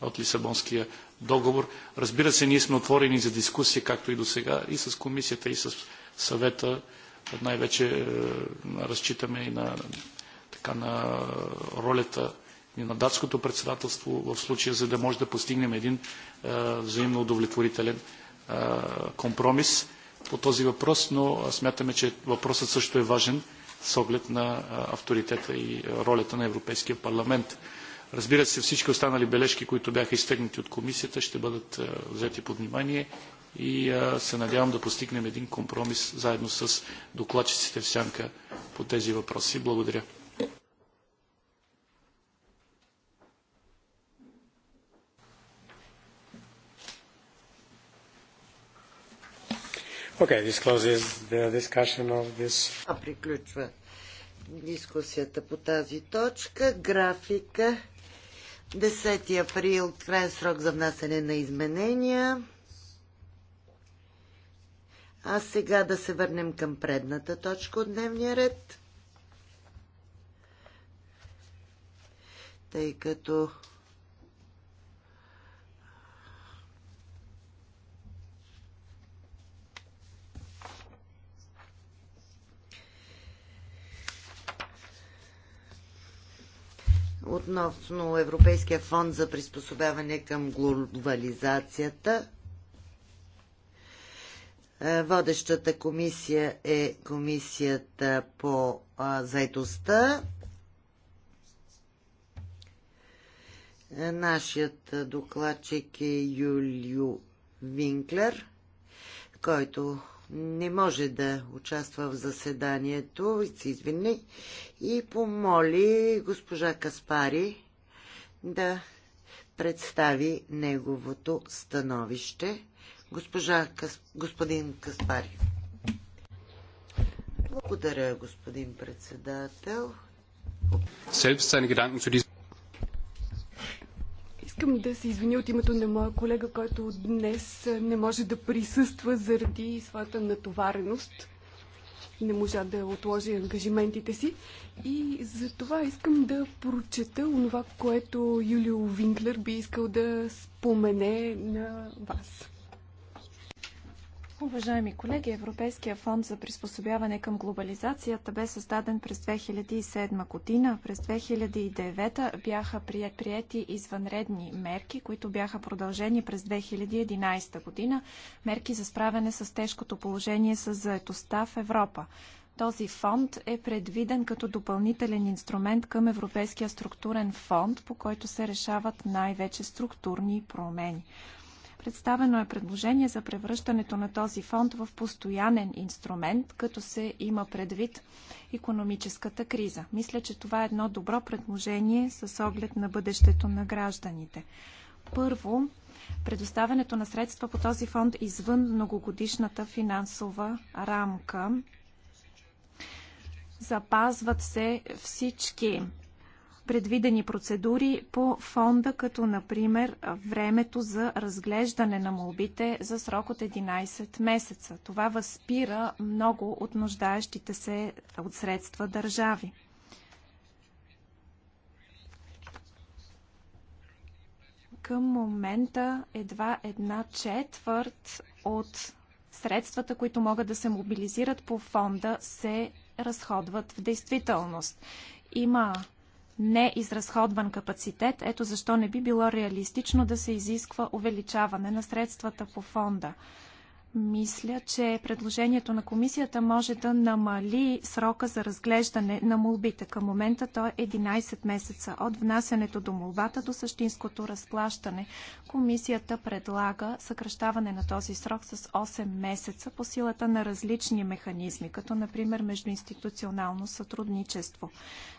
от Лисабонския договор. Разбира се, ние сме отворени за дискусия, както и до сега, и с комисията, и с съвета. Най-вече е, разчитаме и на, така, на ролята и на датското председателство в случая, за да може да постигнем един е, взаимно удовлетворителен е, компромис по този въпрос, но смятаме, че въпросът също е важен с оглед на е, авторитета и ролята на Европейския парламент. Разбира се, всички останали бележки, които бяха изтегнати от комисията, ще бъдат взети под внимание и се надявам да постигнем един компромис заедно с докладчиците в сянка по тези въпроси. Благодаря. Okay, this closes the discussion of this. А приключва дискусията по тази точка. Графика 10 април, крайен срок за внасене на изменения. А сега да се върнем към предната точка от дневния ред. Тъй като относно Европейския фонд за приспособяване към глобализацията. Е, водещата комисия е комисията по заедостта. Е, нашият докладчик е Юлио Винклер, който не може да участва в заседанието, се извини, и помоли госпожа Каспари да представи неговото становище. Госпожа Кас... господин Каспари. Благодаря, господин председател. Selbst seine Gedanken zu diesem Искам да се извиня от името на моя колега, който днес не може да присъства заради своята натовареност. Не можа да отложи ангажиментите си. И за това искам да прочета онова, което Юлио Винклер би искал да спомене на вас. Уважаеми колеги, Европейския фонд за приспособяване към глобализацията бе създаден през 2007 година. През 2009 бяха приети извънредни мерки, които бяха продължени през 2011 година. Мерки за справяне с тежкото положение с заетостта в Европа. Този фонд е предвиден като допълнителен инструмент към Европейския структурен фонд, по който се решават най-вече структурни промени. Представено е предложение за превръщането на този фонд в постоянен инструмент, като се има предвид економическата криза. Мисля, че това е едно добро предложение с оглед на бъдещето на гражданите. Първо, предоставянето на средства по този фонд извън многогодишната финансова рамка. Запазват се всички предвидени процедури по фонда, като например времето за разглеждане на молбите за срок от 11 месеца. Това възпира много от нуждаещите се от средства държави. Към момента едва една четвърт от средствата, които могат да се мобилизират по фонда, се разходват в действителност. Има неизразходван капацитет. Ето защо не би било реалистично да се изисква увеличаване на средствата по фонда. Мисля, че предложението на комисията може да намали срока за разглеждане на молбите. Към момента то е 11 месеца от внасянето до молбата до същинското разплащане. Комисията предлага съкръщаване на този срок с 8 месеца по силата на различни механизми, като например междуинституционално сътрудничество.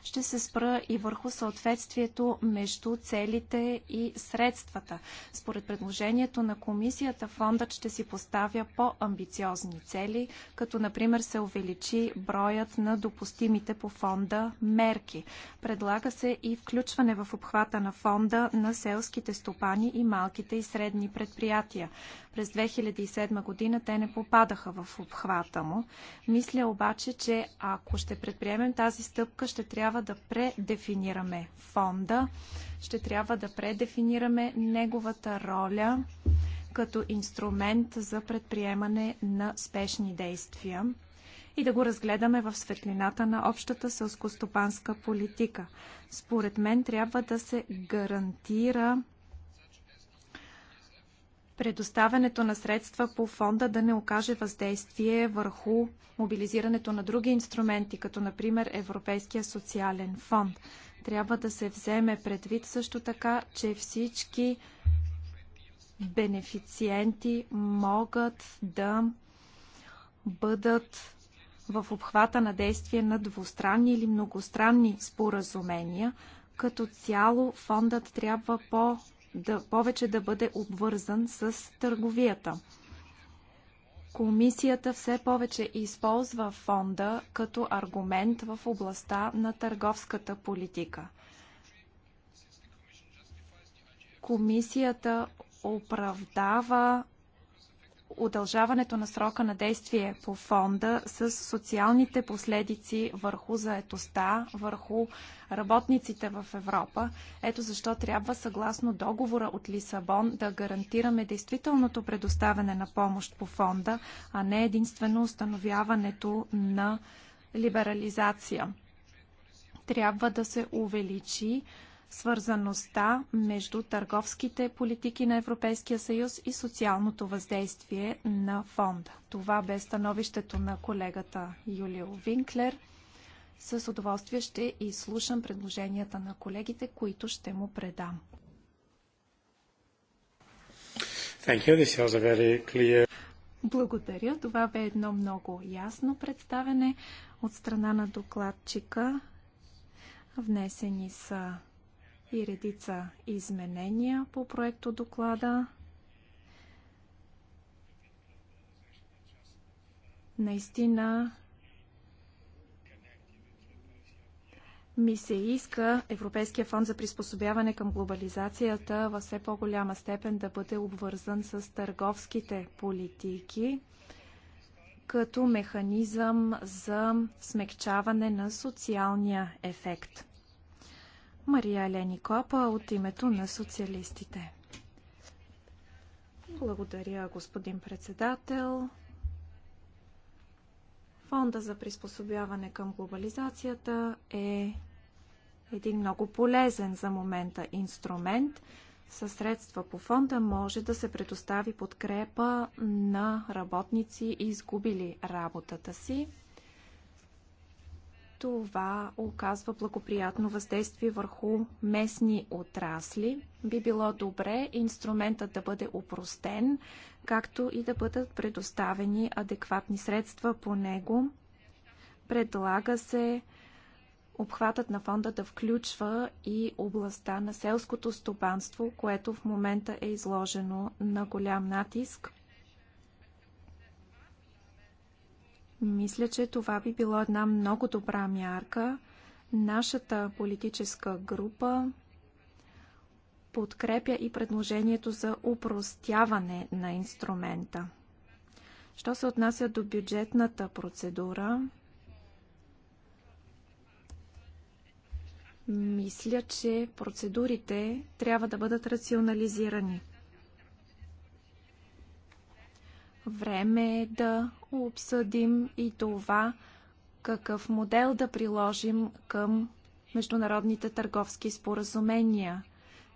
Ще се спра и върху съответствието между целите и средствата. Според предложението на комисията фондът ще си поставя по-амбициозни цели, като например се увеличи броят на допустимите по фонда мерки. Предлага се и включване в обхвата на фонда на селските стопани и малките и средни предприятия. През 2007 година те не попадаха в обхвата му. Мисля обаче, че ако ще предприемем тази стъпка, ще трябва да предефинираме фонда, ще трябва да предефинираме неговата роля като инструмент за предприемане на спешни действия и да го разгледаме в светлината на общата селскостопанска политика. Според мен трябва да се гарантира предоставянето на средства по фонда да не окаже въздействие върху мобилизирането на други инструменти, като например Европейския социален фонд. Трябва да се вземе предвид също така, че всички бенефициенти могат да бъдат в обхвата на действие на двустранни или многостранни споразумения. Като цяло фондът трябва по, да, повече да бъде обвързан с търговията. Комисията все повече използва фонда като аргумент в областта на търговската политика. Комисията оправдава удължаването на срока на действие по фонда с социалните последици върху заетостта, върху работниците в Европа. Ето защо трябва съгласно договора от Лисабон да гарантираме действителното предоставяне на помощ по фонда, а не единствено установяването на либерализация. Трябва да се увеличи свързаността между търговските политики на Европейския съюз и социалното въздействие на фонда. Това бе становището на колегата Юлио Винклер. С удоволствие ще изслушам предложенията на колегите, които ще му предам. Clear... Благодаря. Това бе едно много ясно представене от страна на докладчика. Внесени са и редица изменения по проекто доклада. Наистина ми се иска Европейския фонд за приспособяване към глобализацията във все по-голяма степен да бъде обвързан с търговските политики като механизъм за смягчаване на социалния ефект. Мария Лени Клапа от името на социалистите. Благодаря, господин председател. Фонда за приспособяване към глобализацията е един много полезен за момента инструмент. Със средства по фонда може да се предостави подкрепа на работници, изгубили работата си. Това оказва благоприятно въздействие върху местни отрасли. Би било добре инструментът да бъде упростен, както и да бъдат предоставени адекватни средства по него. Предлага се обхватът на фонда да включва и областта на селското стопанство, което в момента е изложено на голям натиск. Мисля, че това би било една много добра мярка. Нашата политическа група подкрепя и предложението за упростяване на инструмента. Що се отнася до бюджетната процедура, мисля, че процедурите трябва да бъдат рационализирани. Време е да обсъдим и това какъв модел да приложим към международните търговски споразумения.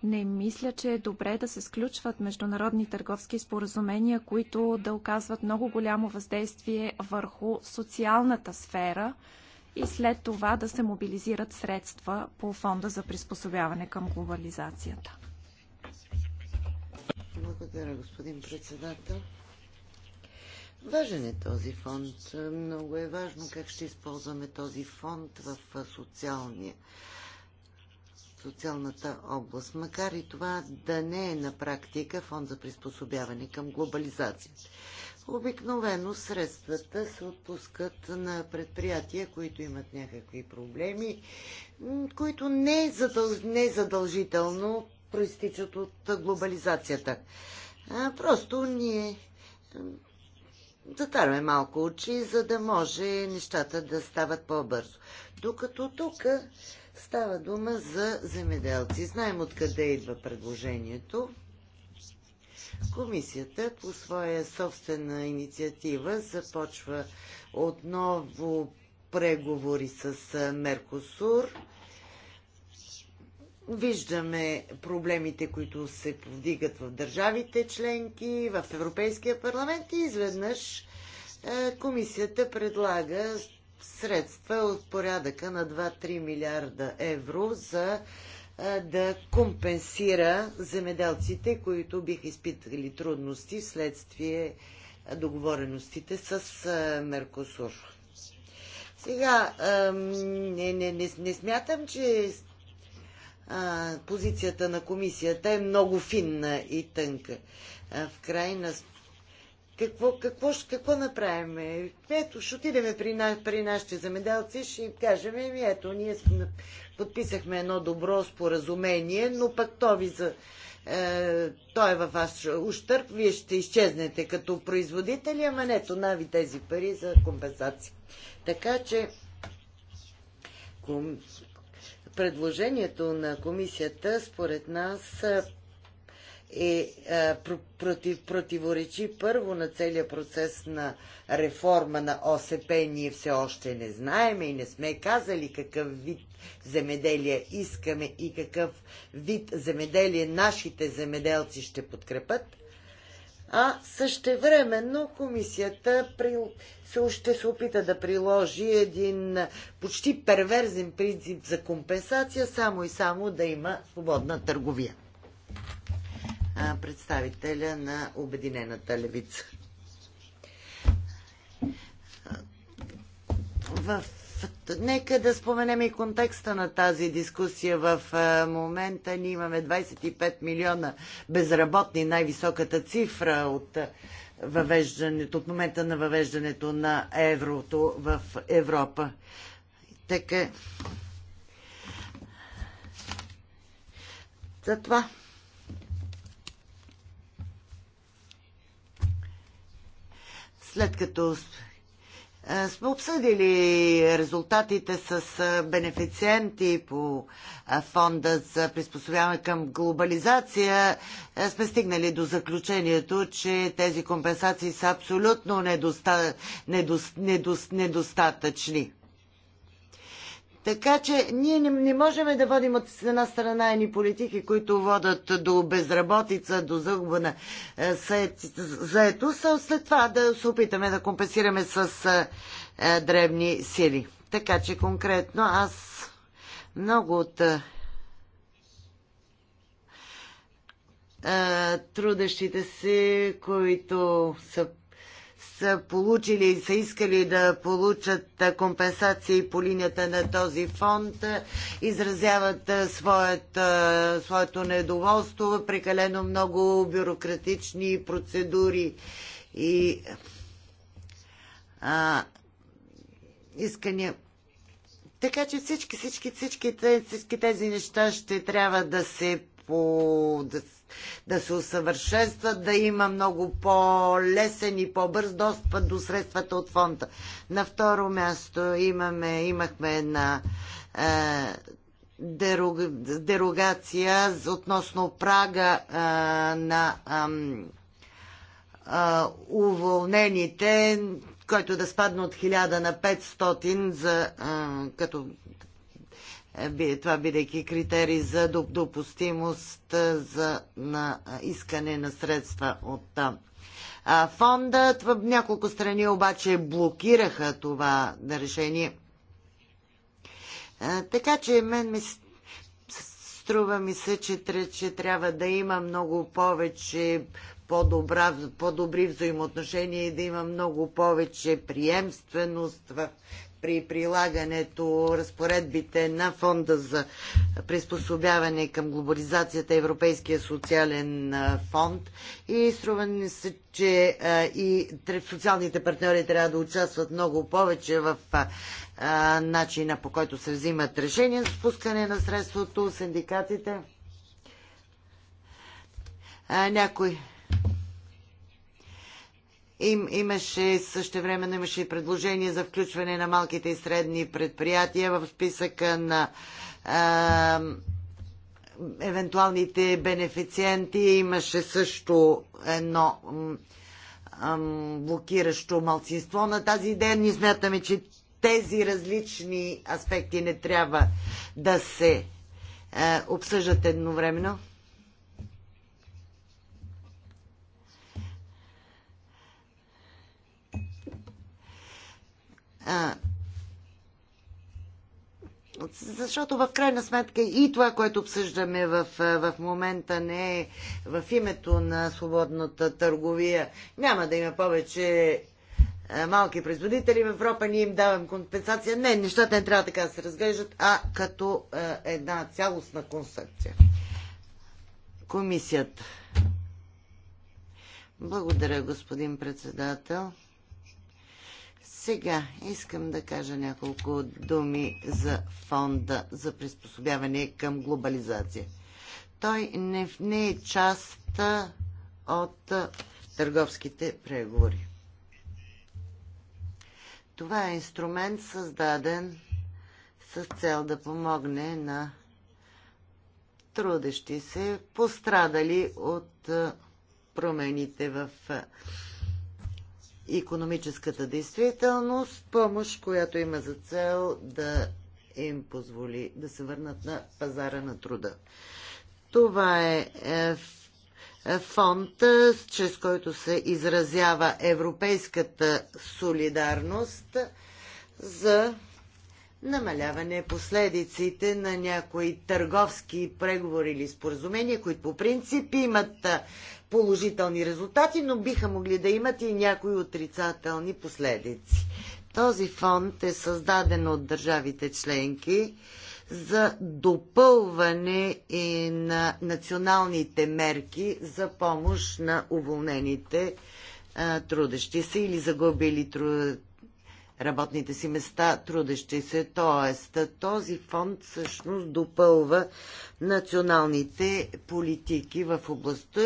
Не мисля, че е добре да се сключват международни търговски споразумения, които да оказват много голямо въздействие върху социалната сфера и след това да се мобилизират средства по фонда за приспособяване към глобализацията. Благодаря, господин председател. Важен е този фонд. Много е важно как ще използваме този фонд в социалния социалната област, макар и това да не е на практика фонд за приспособяване към глобализацията. Обикновено средствата се отпускат на предприятия, които имат някакви проблеми, които не, е задълж... не е задължително проистичат от глобализацията. А, просто ние затваряме малко очи, за да може нещата да стават по-бързо. Докато тук става дума за земеделци. Знаем откъде идва предложението. Комисията по своя собствена инициатива започва отново преговори с Меркосур Виждаме проблемите, които се повдигат в държавите членки, в Европейския парламент и изведнъж е, комисията предлага средства от порядъка на 2-3 милиарда евро за е, да компенсира земеделците, които биха изпитали трудности вследствие договореностите с е, Меркосур. Сега, не, не, не, не смятам, че а, позицията на комисията е много финна и тънка. А, в крайна какво, какво, какво направим? Ето, ще отидем при, на, при нашите замеделци и ще им кажем, еми ето, ние сме, подписахме едно добро споразумение, но пък то ви за... Е, то е във ваш ущърп, вие ще изчезнете като производители, ама не, нави тези пари за компенсация. Така че предложението на комисията според нас е, е против, противоречи първо на целият процес на реформа на ОСП. Ние все още не знаем и не сме казали какъв вид земеделие искаме и какъв вид земеделие нашите земеделци ще подкрепят а същевременно комисията ще се опита да приложи един почти перверзен принцип за компенсация, само и само да има свободна търговия. представителя на Обединената левица. В Нека да споменем и контекста на тази дискусия. В момента ние имаме 25 милиона безработни, най-високата цифра от въвеждането, от момента на въвеждането на еврото в Европа. Така. Затова. След като е, сме обсъдили резултатите с е, бенефициенти по е, фонда за приспособяване към глобализация, сме стигнали до заключението, че тези компенсации са абсолютно недоста... недостатъчни. Така че ние не, не можем да водим от една страна едни политики, които водат до безработица, до загуба на е, заетост, а след това да се опитаме да компенсираме с е, е древни сили. Така че конкретно аз много от е, е трудещите си, които са са получили и са искали да получат компенсации по линията на този фонд, изразяват своят, своето недоволство, прекалено много бюрократични процедури и а, искания. Така че всички, всички, всички, всички тези неща ще трябва да се по, да се да се усъвършенстват, да има много по-лесен и по-бърз достъп до средствата от фонда. На второ място имаме, имахме една е, дерог, дерогация относно прага е, на е, уволнените, който да спадне от 1000 на 500 за, е, като е, това бидейки критерий за допустимост е, за, на е, искане на средства от там. фонда. В няколко страни обаче блокираха това решение. така че мен ми струва ми се, че, че трябва да има много повече по-добра, по-добри взаимоотношения и да има много повече приемственост в при прилагането разпоредбите на фонда за приспособяване към глобализацията Европейския социален фонд и струва ми се, че и социалните партньори трябва да участват много повече в начина по който се взимат решения за спускане на средството, синдикатите. Някой им, имаше същевременно имаше и предложение за включване на малките и средни предприятия в списъка на евентуалните бенефициенти. Имаше също едно блокиращо малцинство на тази идея. Ние смятаме, че тези различни аспекти не трябва да се е, обсъждат едновременно. А, защото в крайна сметка и това, което обсъждаме в, в момента не е в името на свободната търговия. Няма да има повече малки производители в Европа, ние им даваме компенсация. Не, нещата не трябва така да се разглеждат, а като една цялостна концепция. Комисията. Благодаря, господин председател. Сега искам да кажа няколко думи за фонда за приспособяване към глобализация. Той не, не е част от търговските преговори. Това е инструмент създаден с цел да помогне на трудещи се, пострадали от промените в економическата действителност, помощ, която има за цел да им позволи да се върнат на пазара на труда. Това е, е, е фонд, е, чрез който се изразява европейската солидарност за намаляване последиците на някои търговски преговори или споразумения, които по принцип имат положителни резултати, но биха могли да имат и някои отрицателни последици. Този фонд е създаден от държавите членки за допълване и на националните мерки за помощ на уволнените трудещи се или загубили труд работните си места трудещи се. Тоест, този фонд всъщност допълва националните политики в областта.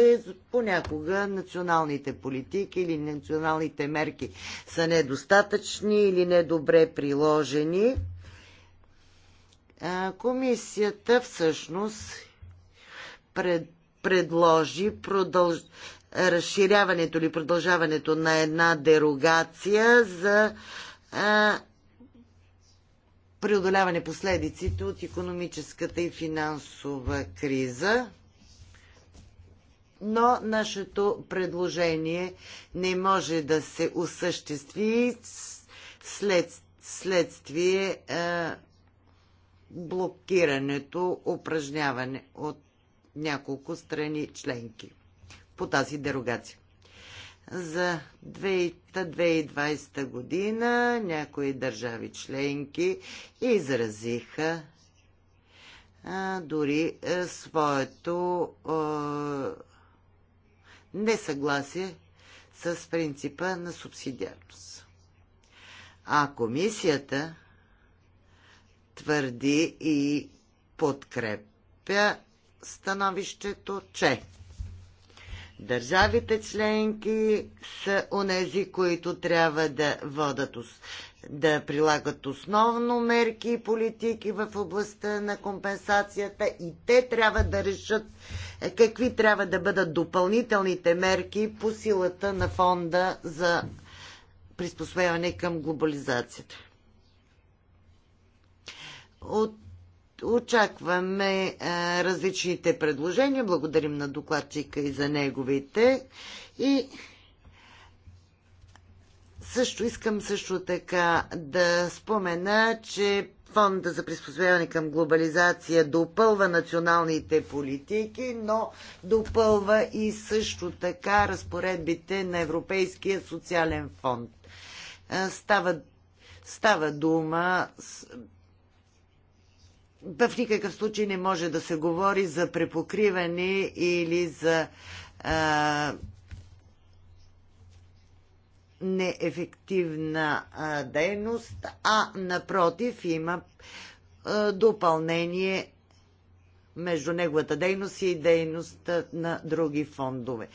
Понякога националните политики или националните мерки са недостатъчни или недобре приложени. Комисията всъщност пред, предложи продълж, разширяването или продължаването на една дерогация за преодоляване последиците от економическата и финансова криза. Но нашето предложение не може да се осъществи след, следствие а, блокирането, упражняване от няколко страни членки по тази дерогация за 2020 година някои държави членки изразиха а, дори а, е, своето а, е, несъгласие с принципа на субсидиарност. А комисията твърди и подкрепя становището, че Държавите членки са онези, които трябва да водат, да прилагат основно мерки и политики в областта на компенсацията и те трябва да решат е, какви трябва да бъдат допълнителните мерки по силата на фонда за приспособяване към глобализацията. От Очакваме а, е, различните предложения. Благодарим на докладчика и за неговите. И също искам също така да спомена, че Фонда за приспособяване към глобализация допълва националните политики, но допълва и също така разпоредбите на Европейския социален фонд. Е, става, става дума в никакъв случай не може да се говори за препокриване или за а, неефективна а, дейност, а напротив има а, допълнение между неговата дейност и дейността на други фондове.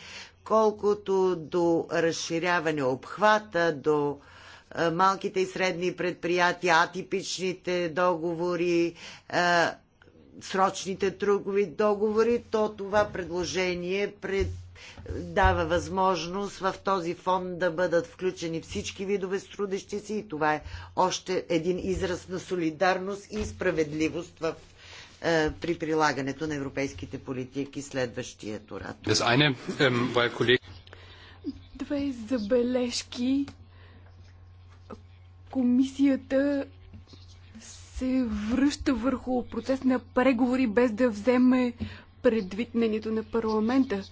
Колкото до разширяване обхвата, до а, е, малките и средни предприятия, атипичните договори, е, срочните трудови договори, то това предложение пред дава възможност в този фонд да бъдат включени всички видове трудещи си и това е още един израз на солидарност и справедливост в, е, при прилагането на европейските политики следващия турат. Um, Две забележки комисията се връща върху процес на преговори без да вземе предвид мнението на парламента.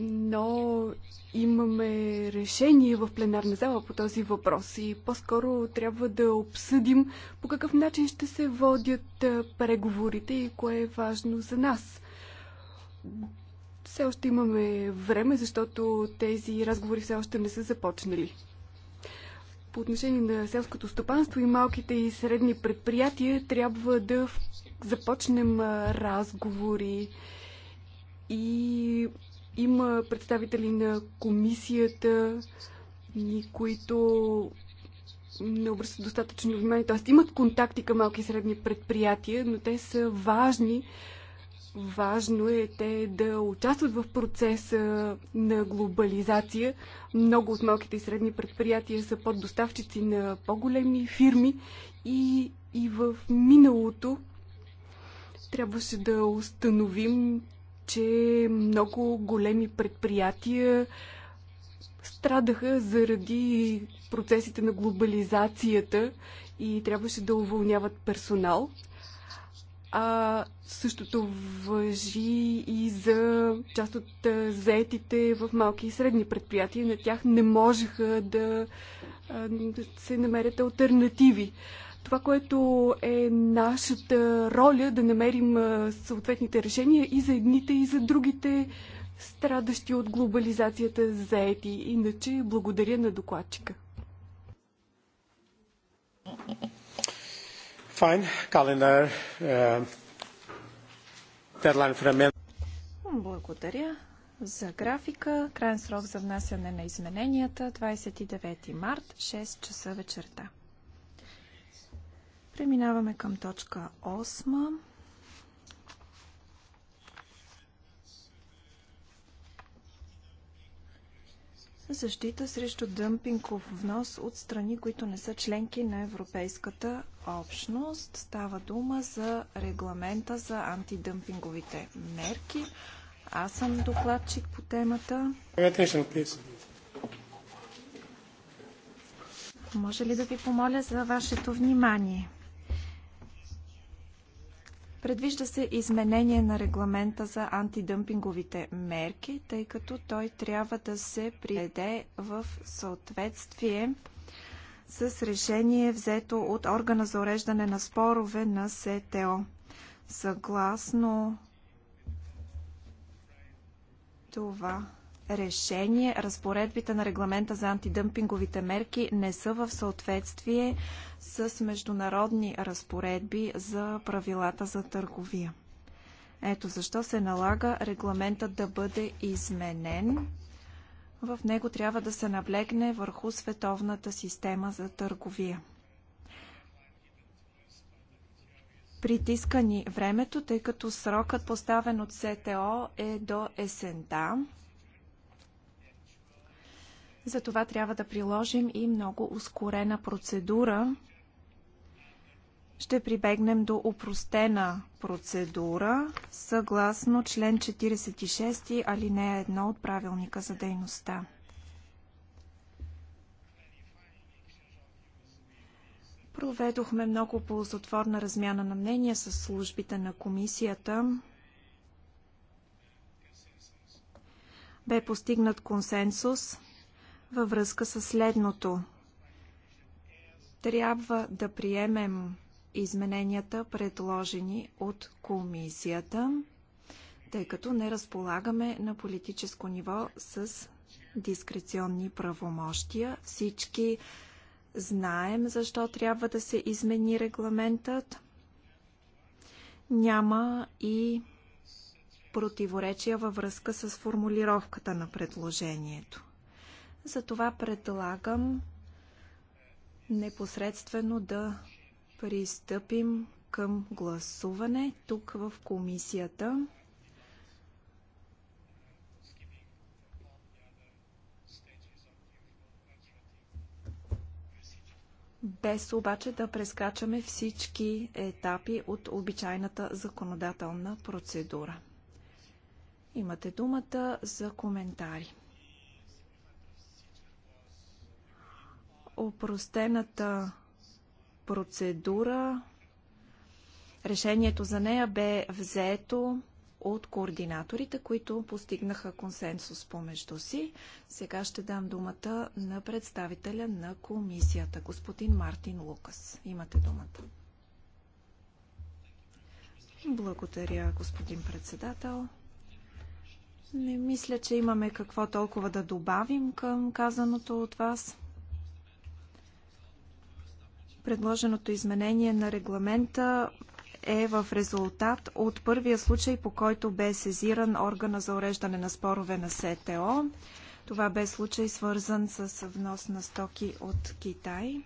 Но имаме решение в пленарна зала по този въпрос и по-скоро трябва да обсъдим по какъв начин ще се водят преговорите и кое е важно за нас. Все още имаме време, защото тези разговори все още не са започнали по отношение на селското стопанство и малките и средни предприятия трябва да започнем разговори и има представители на комисията, които не обръщат достатъчно внимание. Тоест имат контакти към малки и средни предприятия, но те са важни Важно е те да участват в процеса на глобализация. Много от малките и средни предприятия са поддоставчици на по-големи фирми и, и в миналото трябваше да установим, че много големи предприятия страдаха заради процесите на глобализацията и трябваше да уволняват персонал. А същото въжи и за част от заетите в малки и средни предприятия. На тях не можеха да, да се намерят альтернативи. Това, което е нашата роля да намерим съответните решения и за едните, и за другите страдащи от глобализацията заети. Иначе благодаря на докладчика. Fine. Calendar. Deadline for amendment. Благодаря за графика. Крайен срок за внасяне на измененията 29 март 6 часа вечерта. Преминаваме към точка 8. защита срещу дъмпингов внос от страни, които не са членки на Европейската общност. Става дума за регламента за антидъмпинговите мерки. Аз съм докладчик по темата. Може ли да ви помоля за вашето внимание? Предвижда се изменение на регламента за антидъмпинговите мерки, тъй като той трябва да се приведе в съответствие с решение взето от органа за уреждане на спорове на СТО. Съгласно това решение разпоредбите на регламента за антидъмпинговите мерки не са в съответствие с международни разпоредби за правилата за търговия. Ето защо се налага регламентът да бъде изменен. В него трябва да се наблегне върху световната система за търговия. Притискани времето, тъй като срокът поставен от СТО е до есента. Затова трябва да приложим и много ускорена процедура. Ще прибегнем до упростена процедура, съгласно член 46, алинея 1 от правилника за дейността. Проведохме много ползотворна размяна на мнения с службите на комисията. Бе постигнат консенсус във връзка с следното. Трябва да приемем измененията, предложени от комисията, тъй като не разполагаме на политическо ниво с дискреционни правомощия. Всички знаем защо трябва да се измени регламентът. Няма и противоречия във връзка с формулировката на предложението. Затова предлагам непосредствено да пристъпим към гласуване тук в комисията. без обаче да прескачаме всички етапи от обичайната законодателна процедура. Имате думата за коментари. опростената процедура. Решението за нея бе взето от координаторите, които постигнаха консенсус помежду си. Сега ще дам думата на представителя на комисията, господин Мартин Лукас. Имате думата. Благодаря, господин председател. Не мисля, че имаме какво толкова да добавим към казаното от вас. Предложеното изменение на регламента е в резултат от първия случай, по който бе сезиран органа за уреждане на спорове на СТО. Това бе случай свързан с внос на стоки от Китай.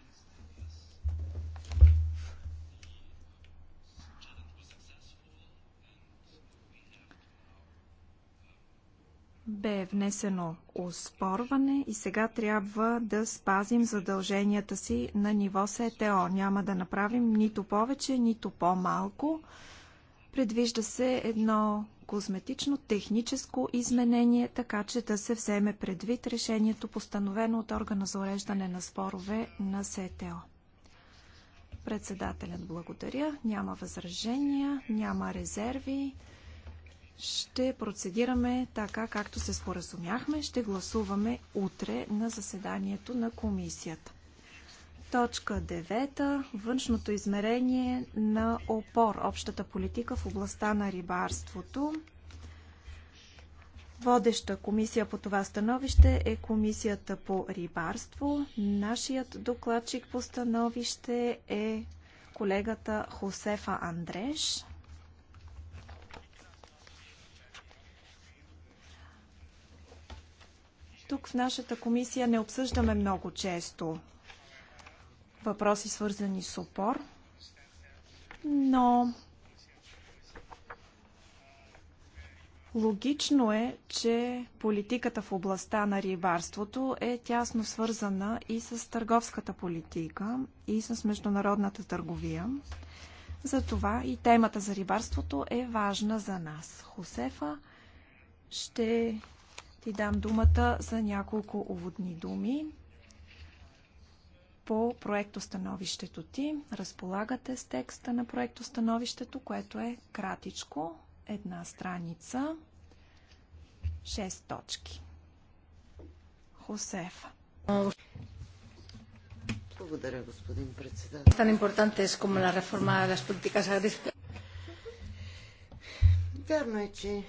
бе внесено оспорване и сега трябва да спазим задълженията си на ниво СТО. Няма да направим нито повече, нито по-малко. Предвижда се едно козметично техническо изменение, така че да се вземе предвид решението постановено от органа за уреждане на спорове на СТО. Председателят благодаря. Няма възражения, няма резерви ще процедираме така, както се споразумяхме. Ще гласуваме утре на заседанието на комисията. Точка 9. Външното измерение на ОПОР. Общата политика в областта на рибарството. Водеща комисия по това становище е Комисията по рибарство. Нашият докладчик по становище е колегата Хосефа Андреш. Тук в нашата комисия не обсъждаме много често въпроси свързани с опор, но логично е, че политиката в областта на рибарството е тясно свързана и с търговската политика, и с международната търговия. Затова и темата за рибарството е важна за нас. Хосефа ще ти дам думата за няколко уводни думи по проектостановището ти. Разполагате с текста на проектостановището, което е кратичко, една страница, 6 точки. Хосефа. Благодаря, господин председател. Тан importantes е la на реформа на политика за Вярно е, че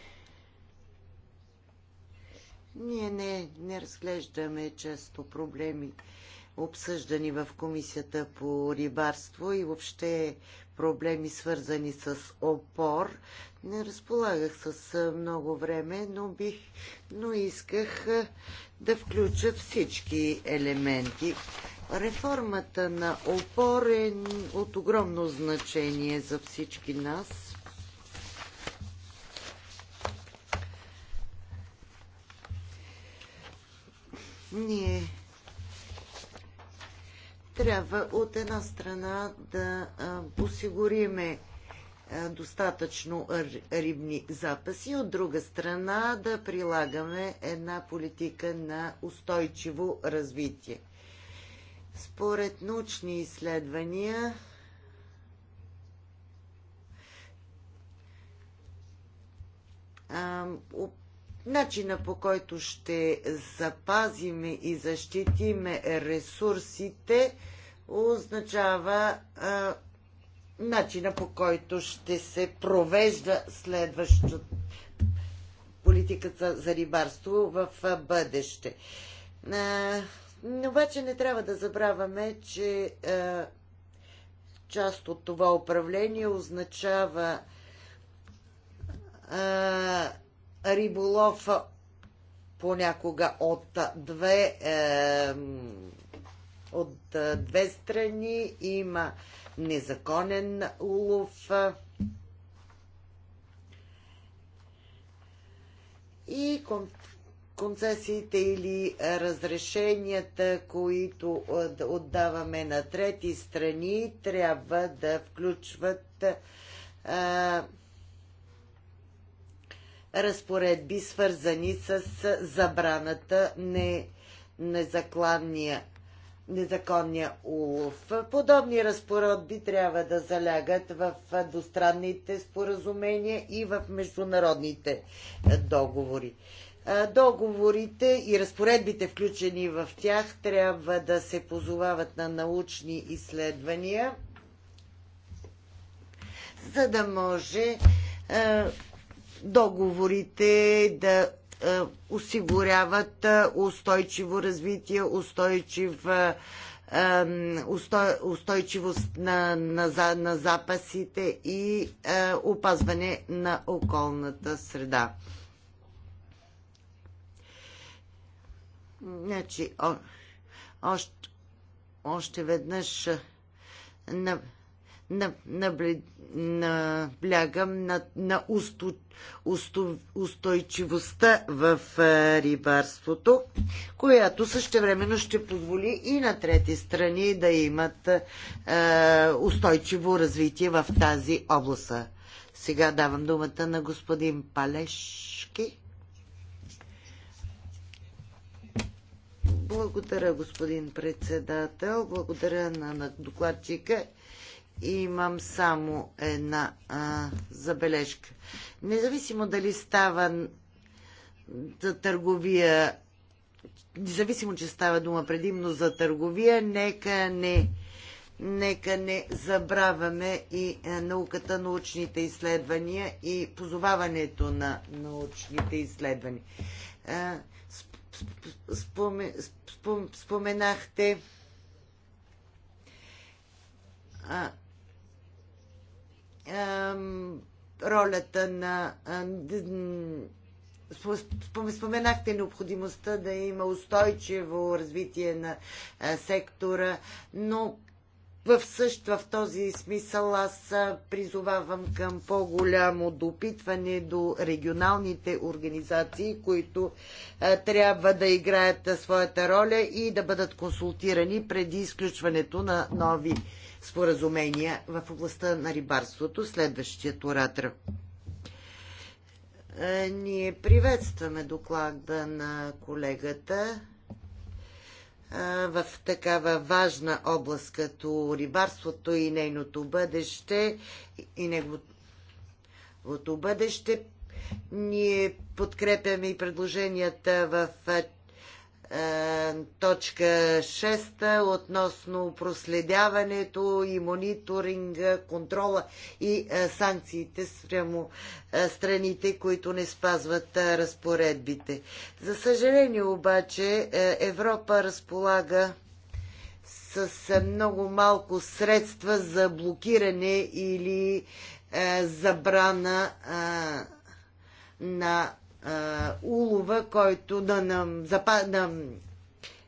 ние не, не разглеждаме често проблеми, обсъждани в Комисията по рибарство и въобще проблеми, свързани с опор. Не разполагах с много време, но, бих, но исках да включа всички елементи. Реформата на опор е от огромно значение за всички нас, Ние трябва от една страна да осигуриме достатъчно рибни запаси, от друга страна да прилагаме една политика на устойчиво развитие. Според научни изследвания, начина по който ще запазиме и защитиме ресурсите означава а, начина по който ще се провежда следващата политиката за рибарство в бъдеще. А, обаче не трябва да забравяме, че а, част от това управление означава а, риболов понякога от две, е, от две страни, има незаконен улов. И концесиите или разрешенията, които отдаваме на трети страни, трябва да включват е, разпоредби, свързани с забраната не, незакланния незаконния улов. Подобни разпоредби трябва да залягат в двустранните споразумения и в международните договори. Договорите и разпоредбите, включени в тях, трябва да се позовават на научни изследвания, за да може договорите да е, осигуряват е, устойчиво развитие, устойчив, е, устойчивост на, на, на запасите и опазване на околната среда. Значи, о, още, още веднъж на, наблягам на, на усто, усто, устойчивостта в е, рибарството, която същевременно ще позволи и на трети страни да имат е, устойчиво развитие в тази област. Сега давам думата на господин Палешки. Благодаря, господин председател. Благодаря на докладчика имам само една а, забележка. Независимо дали става за търговия, независимо, че става дума предимно за търговия, нека не, нека не забравяме и науката, научните изследвания и позоваването на научните изследвания. А, спомен, споменахте а, ролята на. Споменахте необходимостта да има устойчиво развитие на сектора, но в същ, в този смисъл аз призовавам към по-голямо допитване до регионалните организации, които трябва да играят своята роля и да бъдат консултирани преди изключването на нови споразумения в областта на рибарството. Следващият оратор. Е, ние приветстваме доклада на колегата е, в такава важна област като рибарството и нейното бъдеще и неговото бъдеще. Ние подкрепяме и предложенията в е, точка 6 относно проследяването и мониторинга, контрола и е, санкциите спрямо е, страните, които не спазват разпоредбите. За съжаление обаче Европа разполага с много малко средства за блокиране или забрана на а, е, улова, който да нам запада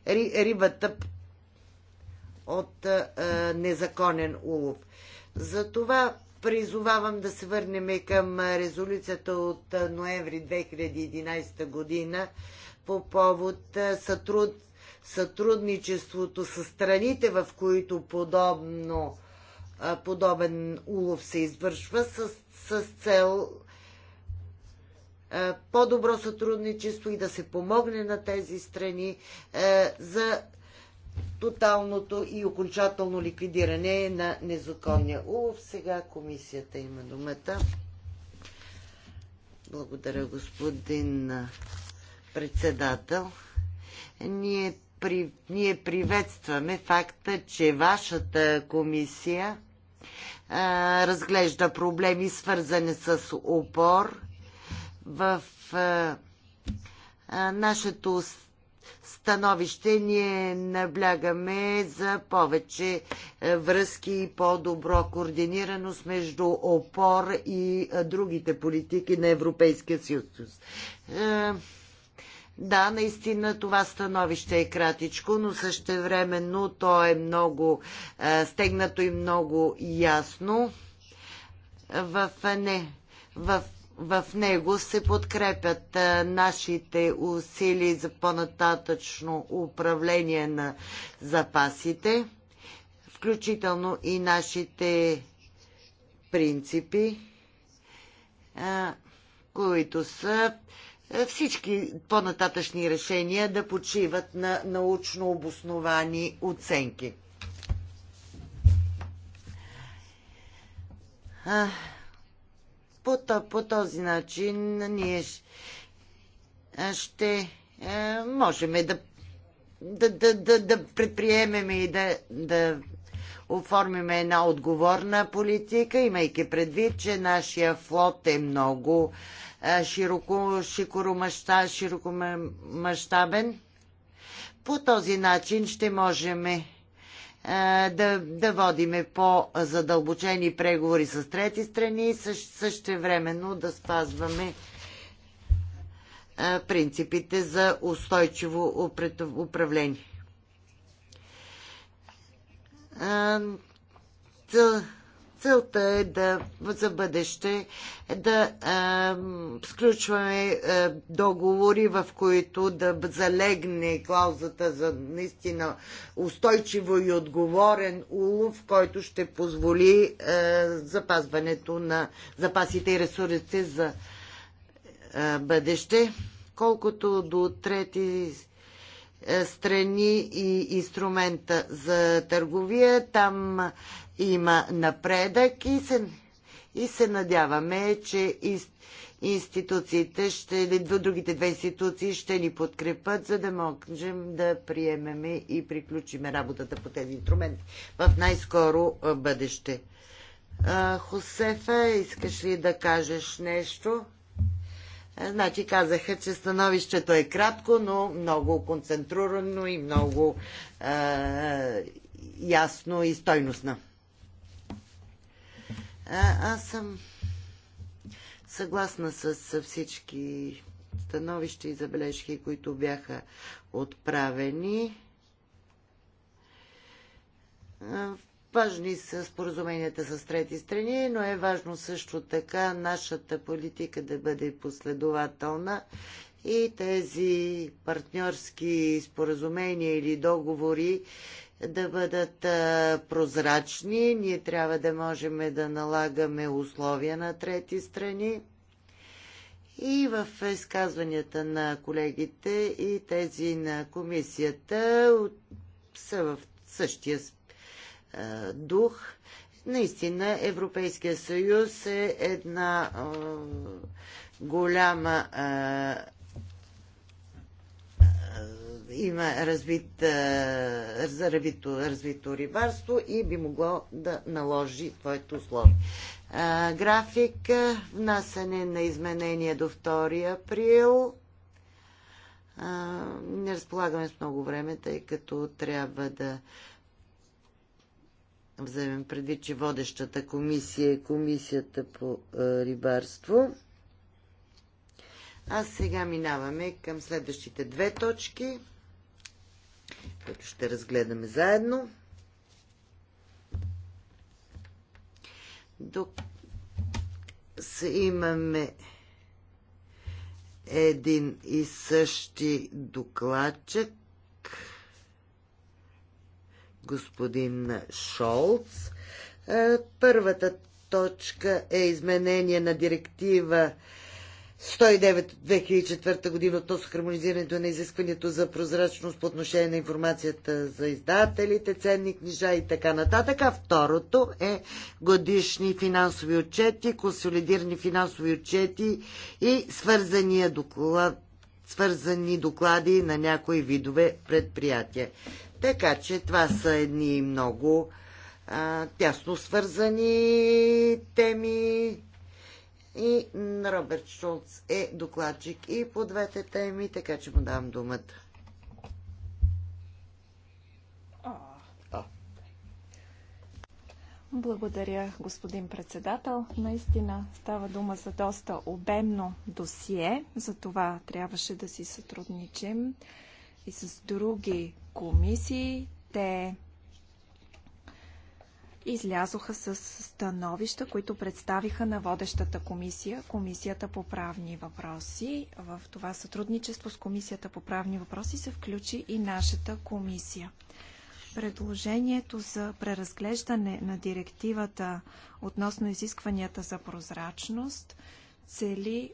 ри, рибата от а, е, е, незаконен улов. Затова призовавам да се върнем към резолюцията от ноември 2011 година по повод сътруд, сътрудничеството с страните, в които подобно, подобен улов се извършва с, с цел е, по-добро сътрудничество и да се помогне на тези страни е, за тоталното и окончателно ликвидиране на незаконния улов. Сега комисията има думата. Благодаря, господин е, председател. Ние, при, ние приветстваме факта, че вашата комисия а, разглежда проблеми, свързани с опор в а, а, нашето становище ние наблягаме за повече е, връзки и по-добро координираност между опор и другите политики на Европейския съюз. Е, да, наистина това становище е кратичко, но същевременно то е много е, стегнато и много ясно. В не, в в него се подкрепят нашите усилия за по-нататъчно управление на запасите, включително и нашите принципи, които са всички по-нататъчни решения да почиват на научно обосновани оценки. По, по този начин ние ще е, можем да, да, да, да, да предприемем и да, да оформиме една отговорна политика, имайки предвид, че нашия флот е много е, широко, широкомащабен. По този начин ще можем е, да, да водиме по-задълбочени преговори с трети страни и същевременно да спазваме е, принципите за устойчиво управление. Е, целта е да за бъдеще да а, сключваме а, договори, в които да залегне клаузата за наистина устойчиво и отговорен улов, който ще позволи а, запазването на запасите и ресурсите за а, бъдеще. Колкото до трети е, страни и инструмента за търговия. Там има напредък и се, и се надяваме, че институциите ще, другите две институции ще ни подкрепят, за да можем да приемеме и приключиме работата по тези инструменти в най-скоро е, бъдеще. Хосефа, искаш ли да кажеш нещо? Е, значи казаха, че становището е кратко, но много концентрурано и много е, ясно и стойностно. А, е, аз съм съгласна с всички становища и забележки, които бяха отправени. Е, Важни са споразуменията с трети страни, но е важно също така нашата политика да бъде последователна и тези партньорски споразумения или договори да бъдат прозрачни. Ние трябва да можем да налагаме условия на трети страни. И в изказванията на колегите и тези на комисията са в същия е, дух. Наистина Европейския съюз е една а, е, голяма а, е, има развит, развито, развито рибарство и би могло да наложи твоето условие. График внасяне на изменения до 2 април. Не разполагаме с много време, тъй като трябва да вземем предвид, че водещата комисия е комисията по е, рибарство. А сега минаваме към следващите две точки, които ще разгледаме заедно. До... Имаме един и същи докладчик господин Шолц. Е, първата точка е изменение на директива 109 от 2004 година относно хармонизирането на изискването за прозрачност по отношение на информацията за издателите, ценни книжа и така нататък. А второто е годишни финансови отчети, консолидирани финансови отчети и свързания доклад свързани доклади на някои видове предприятия. Така че това са едни много а, тясно свързани теми. И Роберт Шолц е докладчик и по двете теми, така че му давам думата. Благодаря, господин председател. Наистина става дума за доста обемно досие, за това трябваше да си сътрудничим и с други комисии. Те излязоха с становища, които представиха на водещата комисия, Комисията по правни въпроси. В това сътрудничество с Комисията по правни въпроси се включи и нашата комисия. Предложението за преразглеждане на директивата относно изискванията за прозрачност цели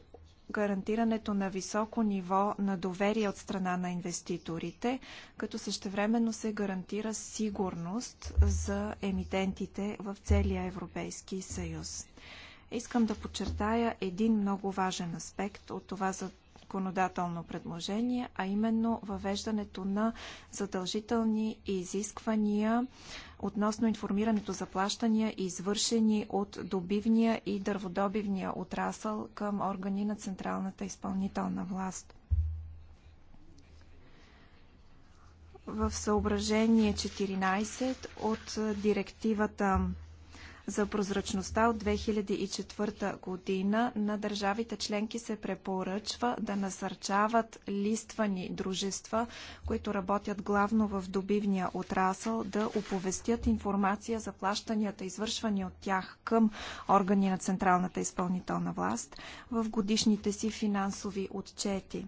гарантирането на високо ниво на доверие от страна на инвеститорите, като същевременно се гарантира сигурност за емитентите в целия Европейски съюз. Искам да подчертая един много важен аспект от това, за законодателно предложение, а именно въвеждането на задължителни изисквания относно информирането за плащания, извършени от добивния и дърводобивния отрасъл към органи на Централната изпълнителна власт. В съображение 14 от директивата за прозрачността от 2004 година на държавите членки се препоръчва да насърчават листвани дружества, които работят главно в добивния отрасъл, да оповестят информация за плащанията, извършвани от тях към органи на Централната изпълнителна власт в годишните си финансови отчети.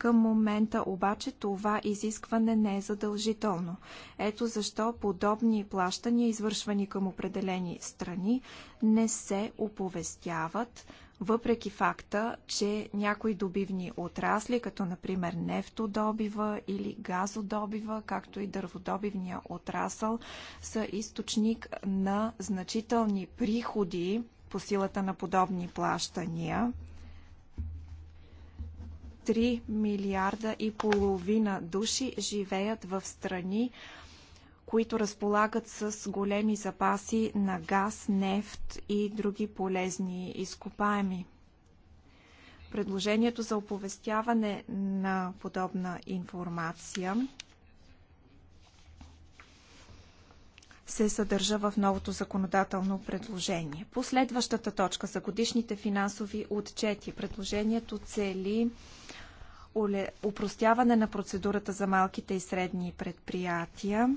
Към момента обаче това изискване не е задължително. Ето защо подобни плащания, извършвани към определени страни, не се оповестяват, въпреки факта, че някои добивни отрасли, като например нефтодобива или газодобива, както и дърводобивния отрасъл, са източник на значителни приходи по силата на подобни плащания. 3 милиарда и половина души живеят в страни, които разполагат с големи запаси на газ, нефт и други полезни изкопаеми. Предложението за оповестяване на подобна информация се съдържа в новото законодателно предложение. Последващата точка за годишните финансови отчети. Предложението цели упростяване на процедурата за малките и средни предприятия,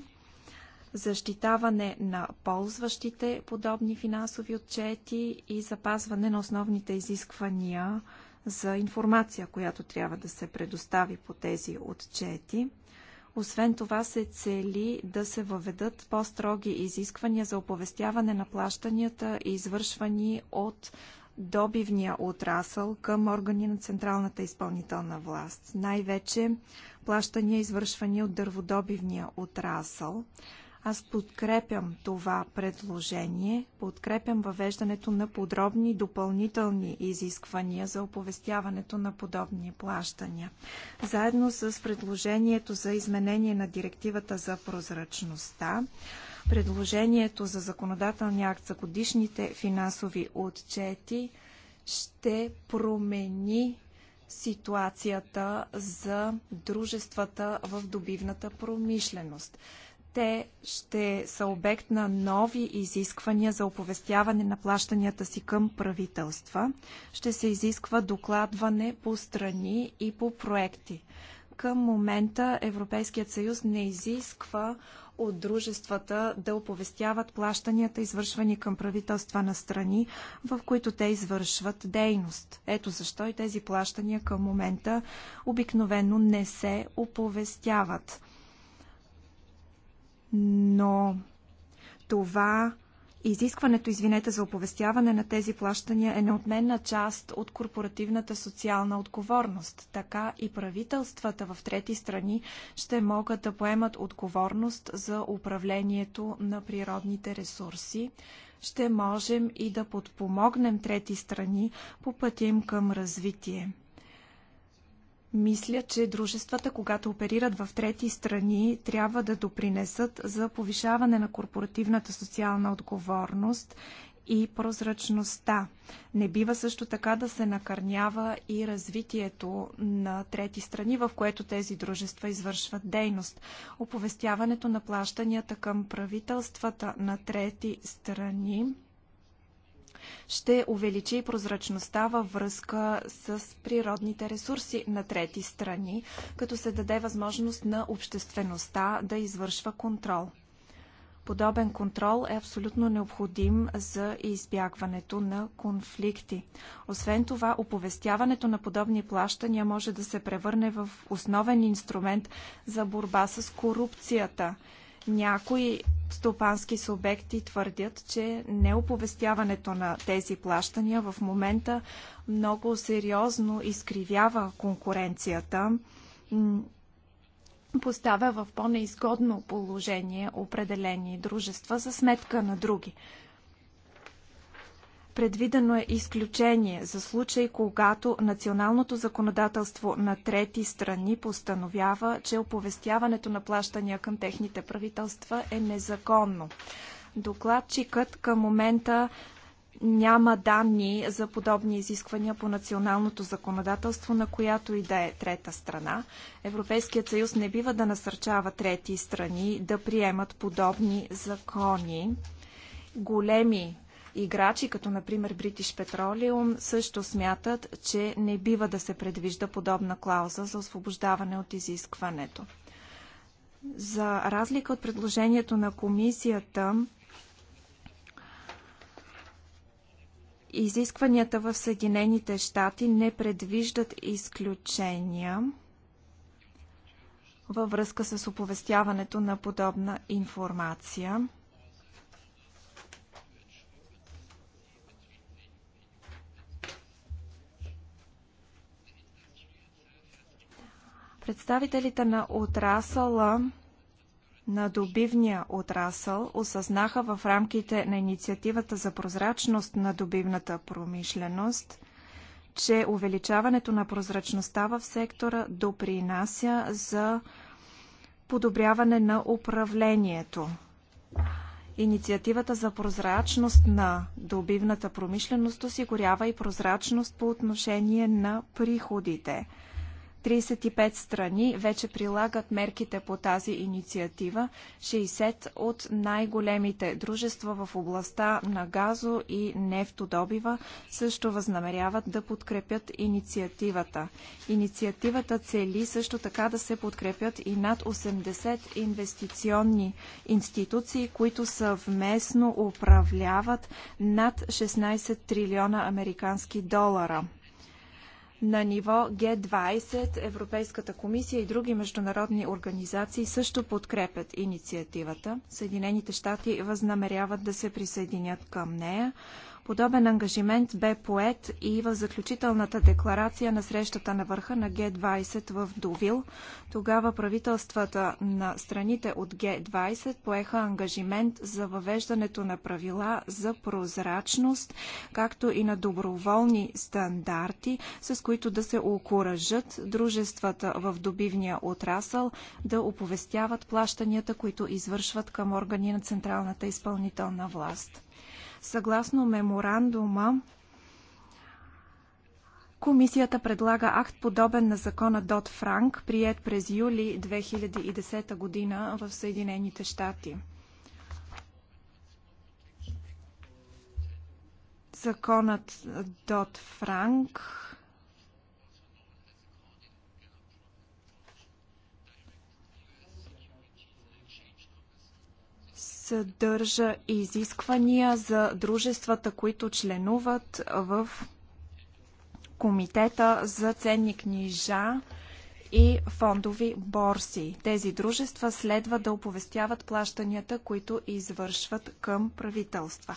защитаване на ползващите подобни финансови отчети и запазване на основните изисквания за информация, която трябва да се предостави по тези отчети. Освен това се цели да се въведат по-строги изисквания за оповестяване на плащанията, извършвани от добивния отрасъл към органи на Централната изпълнителна власт. Най-вече плащания, извършвани от дърводобивния отрасъл. Аз подкрепям това предложение, подкрепям въвеждането на подробни допълнителни изисквания за оповестяването на подобни плащания. Заедно с предложението за изменение на директивата за прозрачността, предложението за законодателния акт за годишните финансови отчети ще промени ситуацията за дружествата в добивната промишленост те ще са обект на нови изисквания за оповестяване на плащанията си към правителства. Ще се изисква докладване по страни и по проекти. Към момента Европейският съюз не изисква от дружествата да оповестяват плащанията, извършвани към правителства на страни, в които те извършват дейност. Ето защо и тези плащания към момента обикновено не се оповестяват но това изискването, извинете, за оповестяване на тези плащания е неотменна част от корпоративната социална отговорност. Така и правителствата в трети страни ще могат да поемат отговорност за управлението на природните ресурси. Ще можем и да подпомогнем трети страни по пътя им към развитие. Мисля, че дружествата, когато оперират в трети страни, трябва да допринесат за повишаване на корпоративната социална отговорност и прозрачността. Не бива също така да се накърнява и развитието на трети страни, в което тези дружества извършват дейност. Оповестяването на плащанията към правителствата на трети страни ще увеличи прозрачността във връзка с природните ресурси на трети страни, като се даде възможност на обществеността да извършва контрол. Подобен контрол е абсолютно необходим за избягването на конфликти. Освен това, оповестяването на подобни плащания може да се превърне в основен инструмент за борба с корупцията – някои стопански субекти твърдят, че неоповестяването на тези плащания в момента много сериозно изкривява конкуренцията, поставя в по-неизгодно положение определени дружества за сметка на други. Предвидено е изключение за случай, когато националното законодателство на трети страни постановява, че оповестяването на плащания към техните правителства е незаконно. Докладчикът към момента няма данни за подобни изисквания по националното законодателство, на която и да е трета страна. Европейският съюз не бива да насърчава трети страни да приемат подобни закони. Големи Играчи, като например British Petroleum, също смятат, че не бива да се предвижда подобна клауза за освобождаване от изискването. За разлика от предложението на комисията, изискванията в Съединените щати не предвиждат изключения във връзка с оповестяването на подобна информация. Представителите на отрасъла на добивния отрасъл осъзнаха в рамките на инициативата за прозрачност на добивната промишленост, че увеличаването на прозрачността в сектора допринася за подобряване на управлението. Инициативата за прозрачност на добивната промишленост осигурява и прозрачност по отношение на приходите – 35 страни вече прилагат мерките по тази инициатива. 60 от най-големите дружества в областта на газо и нефтодобива също възнамеряват да подкрепят инициативата. Инициативата цели също така да се подкрепят и над 80 инвестиционни институции, които съвместно управляват над 16 трилиона американски долара. На ниво Г20 Европейската комисия и други международни организации също подкрепят инициативата. Съединените щати възнамеряват да се присъединят към нея. Подобен ангажимент бе поет и в заключителната декларация на срещата на върха на Г-20 в Дувил. Тогава правителствата на страните от Г-20 поеха ангажимент за въвеждането на правила за прозрачност, както и на доброволни стандарти, с които да се окоръжат дружествата в добивния отрасъл да оповестяват плащанията, които извършват към органи на централната изпълнителна власт. Съгласно меморандума, Комисията предлага акт подобен на закона Дот Франк, прият през юли 2010 година в Съединените щати. Законът Дот Франк съдържа изисквания за дружествата, които членуват в Комитета за ценни книжа и фондови борси. Тези дружества следва да оповестяват плащанията, които извършват към правителства.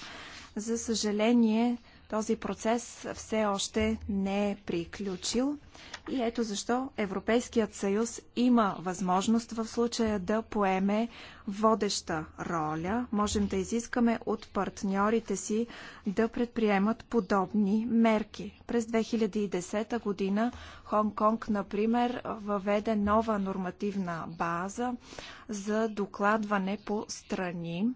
За съжаление, този процес все още не е приключил и ето защо Европейският съюз има възможност в случая да поеме водеща роля. Можем да изискаме от партньорите си да предприемат подобни мерки. През 2010 година Хонг-Конг, например, въведе нова нормативна база за докладване по страни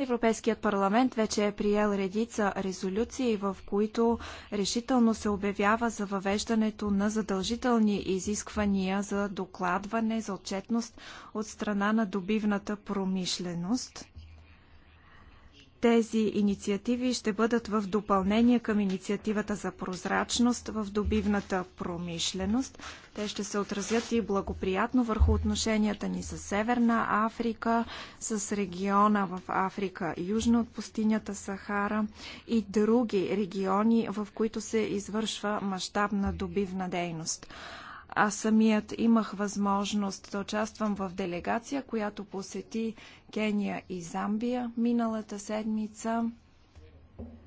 Европейският парламент вече е приел редица резолюции, в които решително се обявява за въвеждането на задължителни изисквания за докладване, за отчетност от страна на добивната промишленост. Тези инициативи ще бъдат в допълнение към инициативата за прозрачност в добивната промишленост. Те ще се отразят и благоприятно върху отношенията ни с Северна Африка, с региона в Африка, южно от пустинята Сахара и други региони, в които се извършва мащабна добивна дейност. Аз самият имах възможност да участвам в делегация, която посети Кения и Замбия миналата седмица.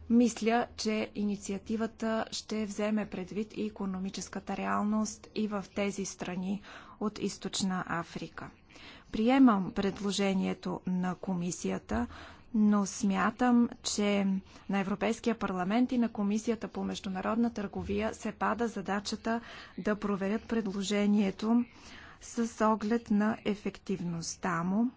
Мисля, че инициативата ще вземе предвид и економическата реалност и в тези страни от източна Африка. Приемам предложението на комисията но смятам, че на Европейския парламент и на Комисията по международна търговия се пада задачата да проверят предложението с оглед на ефективността му.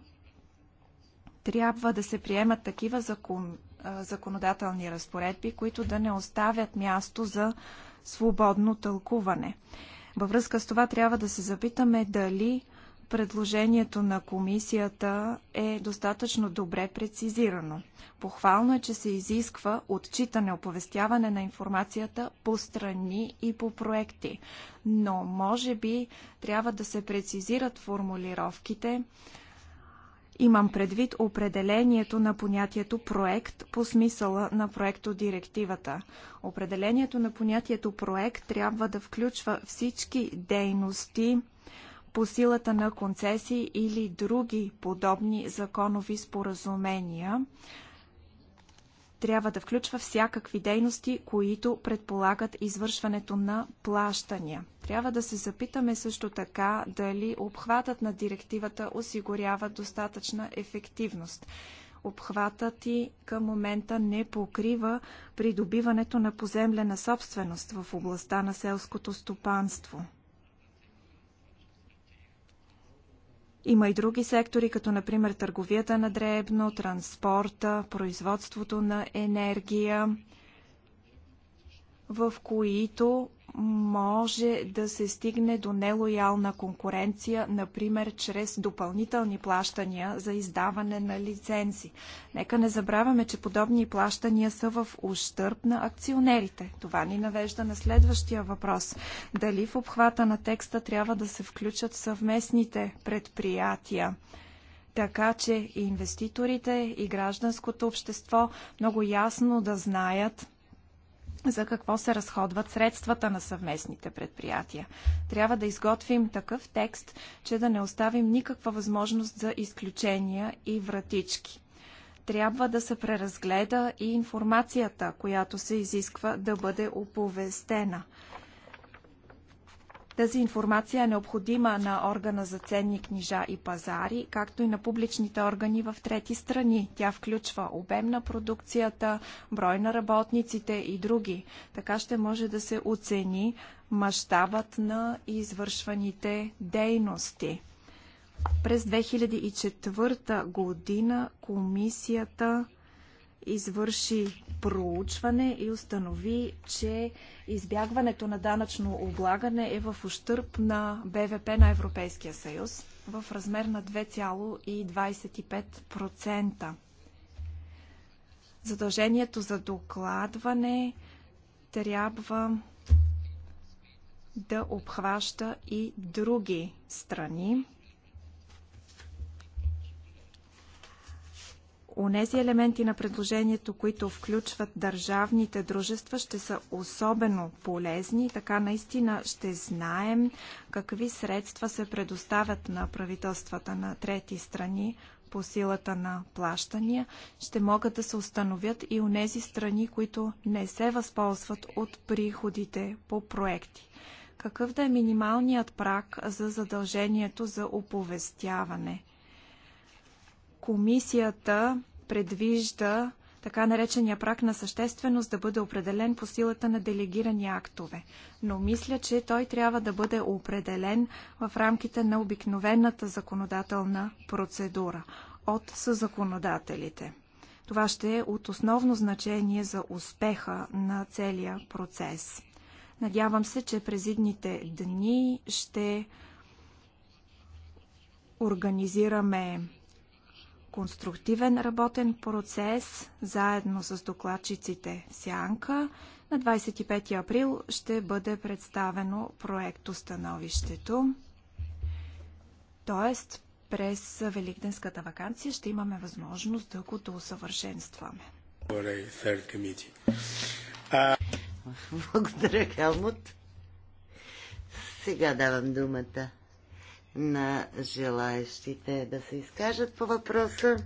Трябва да се приемат такива закон, законодателни разпоредби, които да не оставят място за свободно тълкуване. Във връзка с това трябва да се запитаме дали предложението на комисията е достатъчно добре прецизирано. Похвално е, че се изисква отчитане, оповестяване на информацията по страни и по проекти, но може би трябва да се прецизират формулировките. Имам предвид определението на понятието проект по смисъла на проекто директивата. Определението на понятието проект трябва да включва всички дейности, по силата на концесии или други подобни законови споразумения. Трябва да включва всякакви дейности, които предполагат извършването на плащания. Трябва да се запитаме също така дали обхватът на директивата осигурява достатъчна ефективност обхватът и към момента не покрива придобиването на поземлена собственост в областта на селското стопанство. Има и други сектори, като например търговията на дребно, транспорта, производството на енергия, в които може да се стигне до нелоялна конкуренция, например чрез допълнителни плащания за издаване на лицензи. Нека не забравяме, че подобни плащания са в ущърп на акционерите. Това ни навежда на следващия въпрос. Дали в обхвата на текста трябва да се включат съвместните предприятия? така че и инвеститорите, и гражданското общество много ясно да знаят за какво се разходват средствата на съвместните предприятия. Трябва да изготвим такъв текст, че да не оставим никаква възможност за изключения и вратички. Трябва да се преразгледа и информацията, която се изисква да бъде оповестена. Тази информация е необходима на органа за ценни книжа и пазари, както и на публичните органи в трети страни. Тя включва обем на продукцията, брой на работниците и други. Така ще може да се оцени мащабът на извършваните дейности. През 2004 година комисията извърши проучване и установи, че избягването на данъчно облагане е в ущърп на БВП на Европейския съюз в размер на 2,25%. Задължението за докладване трябва да обхваща и други страни. Онези елементи на предложението, които включват държавните дружества, ще са особено полезни. Така наистина ще знаем какви средства се предоставят на правителствата на трети страни по силата на плащания. Ще могат да се установят и онези страни, които не се възползват от приходите по проекти. Какъв да е минималният прак за задължението за оповестяване – Комисията предвижда така наречения прак на същественост да бъде определен по силата на делегирани актове. Но мисля, че той трябва да бъде определен в рамките на обикновената законодателна процедура от съзаконодателите. Това ще е от основно значение за успеха на целия процес. Надявам се, че през идните дни ще организираме конструктивен работен процес заедно с докладчиците Сянка. На 25 април ще бъде представено проекто становището. Тоест, през Великденската вакансия ще имаме възможност да го усъвършенстваме. Благодаря, Хелмут. Сега давам думата на желаящите да се изкажат по въпроса.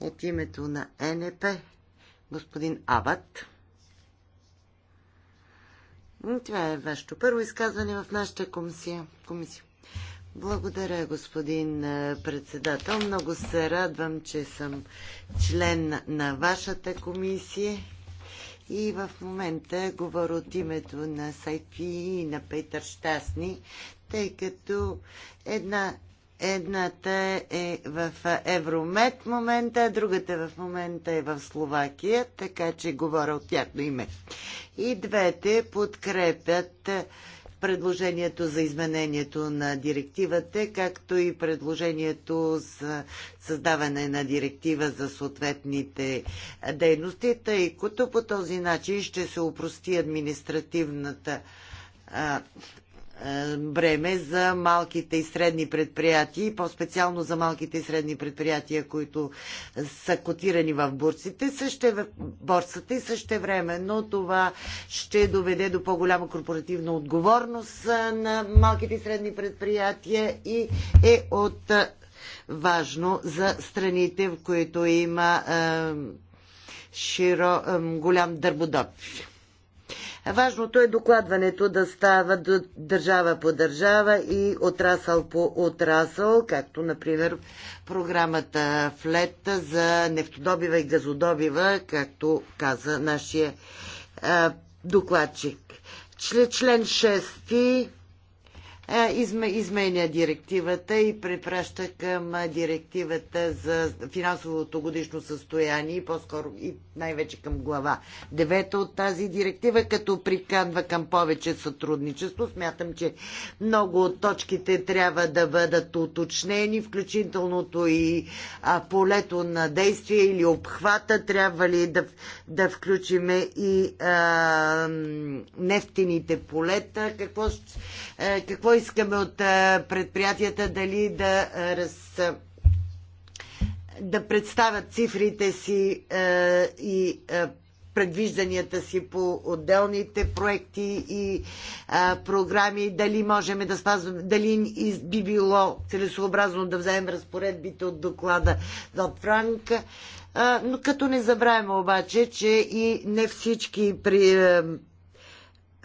От името на НП, господин Абат. Това е вашето първо изказване в нашата комисия. комисия. Благодаря, господин председател. Много се радвам, че съм член на вашата комисия. И в момента говоря от името на Сайфи и на Петър Щастни, тъй като една, едната е в Евромет момента, другата в момента е в Словакия, така че говоря от тяхно име. И двете подкрепят предложението за изменението на директивата, както и предложението за създаване на директива за съответните дейности, тъй като по този начин ще се упрости административната е, бреме за малките и средни предприятия и по-специално за малките и средни предприятия, които са котирани в бурсите, също, борсата и също време, но това ще доведе до по-голяма корпоративна отговорност е, на малките и средни предприятия и е от е, важно за страните, в които има е, широ, е, голям дърбодоб. Важното е докладването да става държава по държава и отрасъл по отрасъл, както например програмата ФЛЕТ за нефтодобива и газодобива, както каза нашия докладчик. Член 6 изменя директивата и препраща към директивата за финансовото годишно състояние и по-скоро и най-вече към глава Девета от тази директива, като приканва към повече сътрудничество. Смятам, че много от точките трябва да бъдат уточнени, включителното и полето на действие или обхвата. Трябва ли да, да включиме и а, нефтените полета? Какво, а, какво искаме от предприятията дали да раз да представят цифрите си е, и е, предвижданията си по отделните проекти и е, програми, дали можем да спазваме, дали би било целесообразно да вземем разпоредбите от доклада до Франк. Е, но като не забравяме обаче, че и не всички при,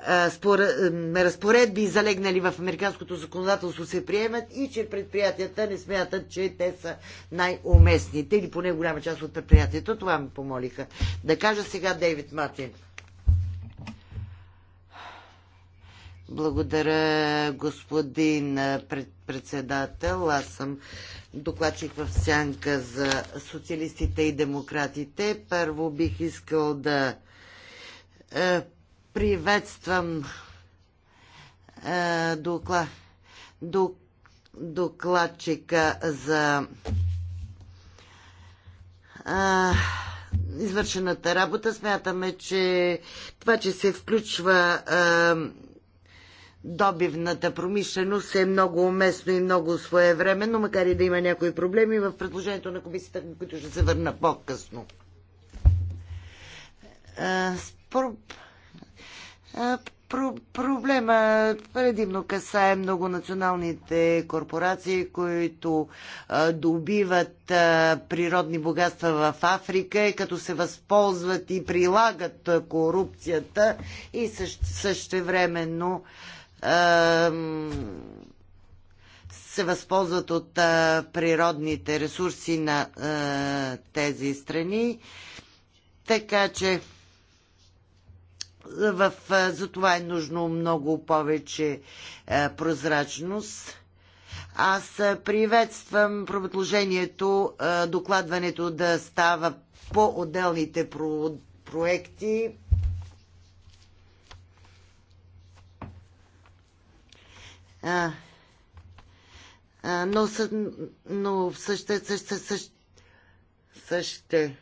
разпоредби, залегнали в американското законодателство, се приемат и че предприятията не смятат, че те са най-уместните или поне голяма част от предприятията. Това ми помолиха. Да кажа сега Дейвид Матин. Благодаря, господин председател. Аз съм докладчик в сянка за социалистите и демократите. Първо бих искал да Приветствам е, доклад, док, докладчика за е, извършената работа. Смятаме, че това, че се включва е, добивната промишленост е много уместно и много своевременно, макар и да има някои проблеми в предложението на комисията, които ще се върна по-късно. Е, Про- проблема предимно касае многонационалните корпорации, които а, добиват а, природни богатства в Африка и като се възползват и прилагат а, корупцията и също, същевременно а, се възползват от а, природните ресурси на а, тези страни. Така че в, за това е нужно много повече прозрачност. Аз приветствам предложението докладването да става по отделните про, проекти. А, а, но, съ, но съще, съще, съще,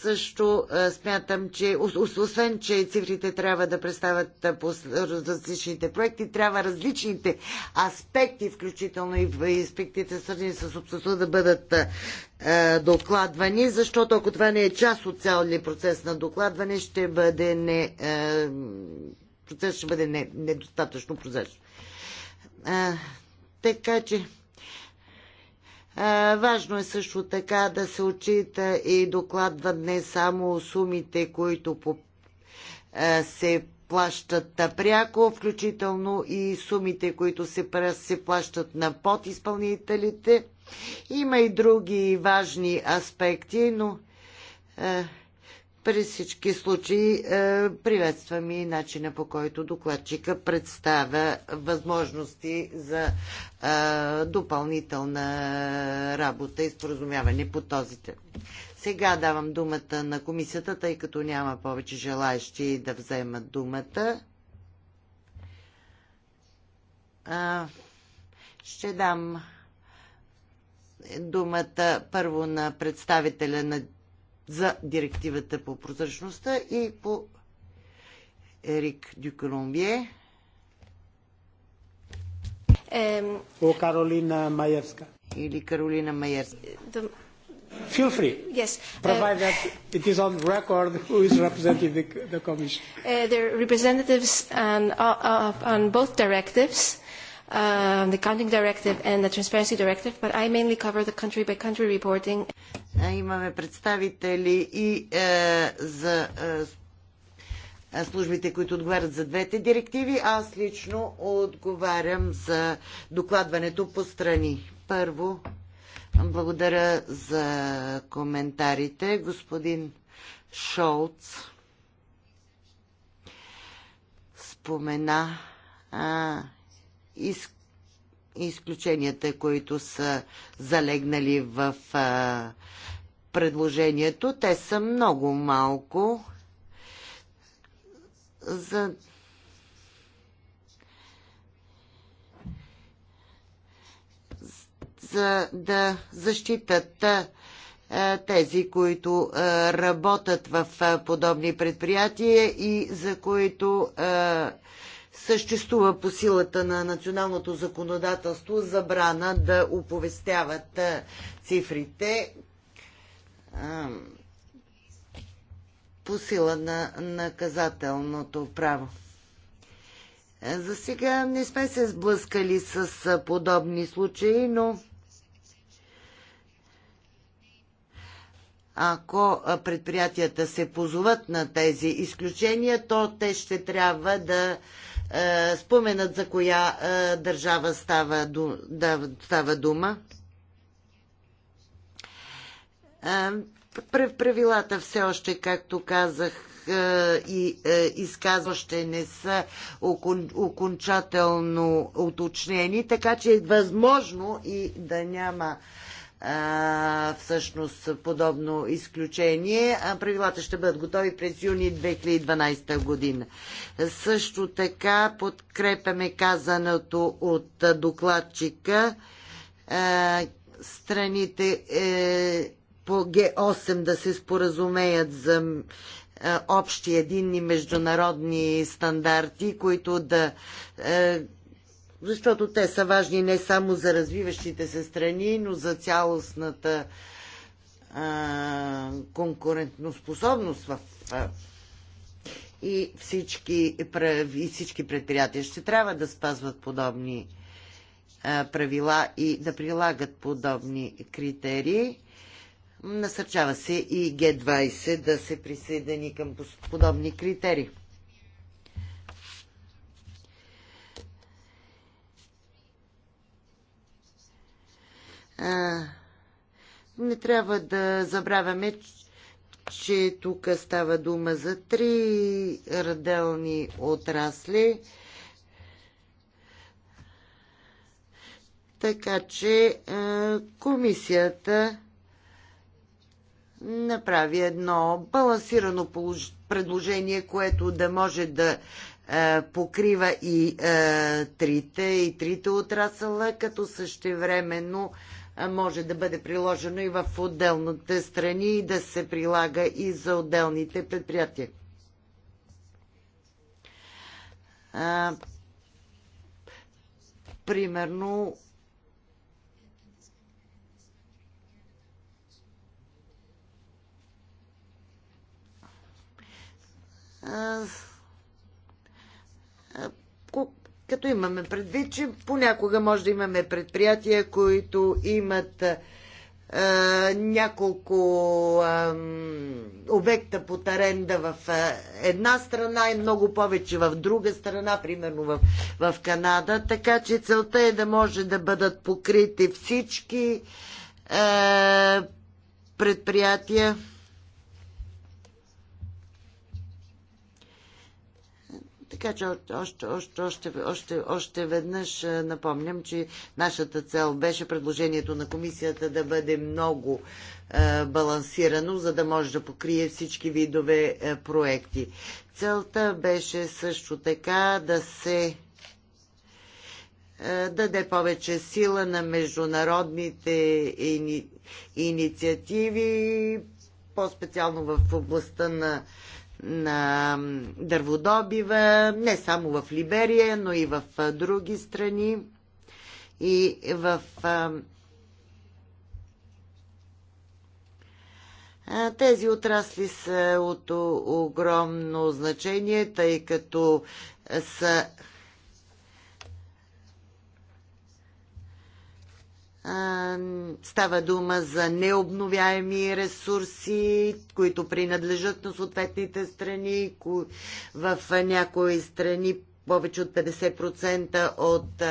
също смятам, че освен, че цифрите трябва да представят по различните проекти, трябва различните аспекти, включително и аспектите свързани с обществото, да бъдат докладвани, защото ако това не е част от цялния процес на докладване, ще бъде не, процес ще бъде не, недостатъчно прозрачен. така че Важно е също така да се отчита и докладва не само сумите, които се плащат пряко, включително и сумите, които се, се плащат на подизпълнителите. Има и други важни аспекти, но при всички случаи е, приветствам и начина по който докладчика представя възможности за е, допълнителна работа и споразумяване по този тем. Сега давам думата на комисията, тъй като няма повече желаящи да вземат думата. ще дам думата първо на представителя на за директивата по прозрачността и по Ерик Дюколомбие. По Каролина Маевска. Или Каролина Маевска. Feel free. Yes. Provide that it is on record who is representing the, the Commission. Uh, there are representatives on, uh, on both directives Uh, the Accounting Directive and the Transparency Directive, but I mainly cover the country by country reporting. Имаме представители и е, за е, е, службите, които отговарят за двете директиви. Аз лично отговарям за докладването по страни. Първо, благодаря за коментарите. Господин Шолц спомена а, из, изключенията, които са залегнали в а, предложението. Те са много малко. За за да защитат тези, които работят в подобни предприятия и за които съществува по силата на националното законодателство забрана да оповестяват цифрите по сила на наказателното право. За сега не сме се сблъскали с подобни случаи, но ако предприятията се позоват на тези изключения, то те ще трябва да е, споменът за коя е, държава става, да, става дума. Е, правилата все още, както казах, и изказващи не са окончателно уточнени, така че е възможно и да няма а, всъщност подобно изключение. А правилата ще бъдат готови през юни 2012 година. Също така подкрепяме казаното от докладчика а, страните е, по Г8 да се споразумеят за е, общи единни международни стандарти, които да е, защото те са важни не само за развиващите се страни, но за цялостната а, конкурентоспособност в а, и всички, и всички предприятия ще трябва да спазват подобни а, правила и да прилагат подобни критерии. Насърчава се и Г20 да се присъедини към подобни критерии. не трябва да забравяме, че тук става дума за три раделни отрасли. Така че комисията направи едно балансирано предложение, което да може да е, покрива и е, трите, и трите отрасъла, като същевременно времено може да бъде приложено и в отделните страни и да се прилага и за отделните предприятия. примерно а, като имаме предвид, че понякога може да имаме предприятия, които имат е, няколко е, обекта под аренда в една страна и много повече в друга страна, примерно в, в Канада. Така че целта е да може да бъдат покрити всички е, предприятия. Така че още, още, още, още, още веднъж напомням, че нашата цел беше предложението на комисията да бъде много е, балансирано, за да може да покрие всички видове е, проекти. Целта беше също така да се даде повече сила на международните ини... инициативи, по-специално в областта на на дърводобива, не само в Либерия, но и в други страни и в Тези отрасли са от огромно значение, тъй като са Става дума за необновяеми ресурси, които принадлежат на съответните страни. В някои страни повече от 50% от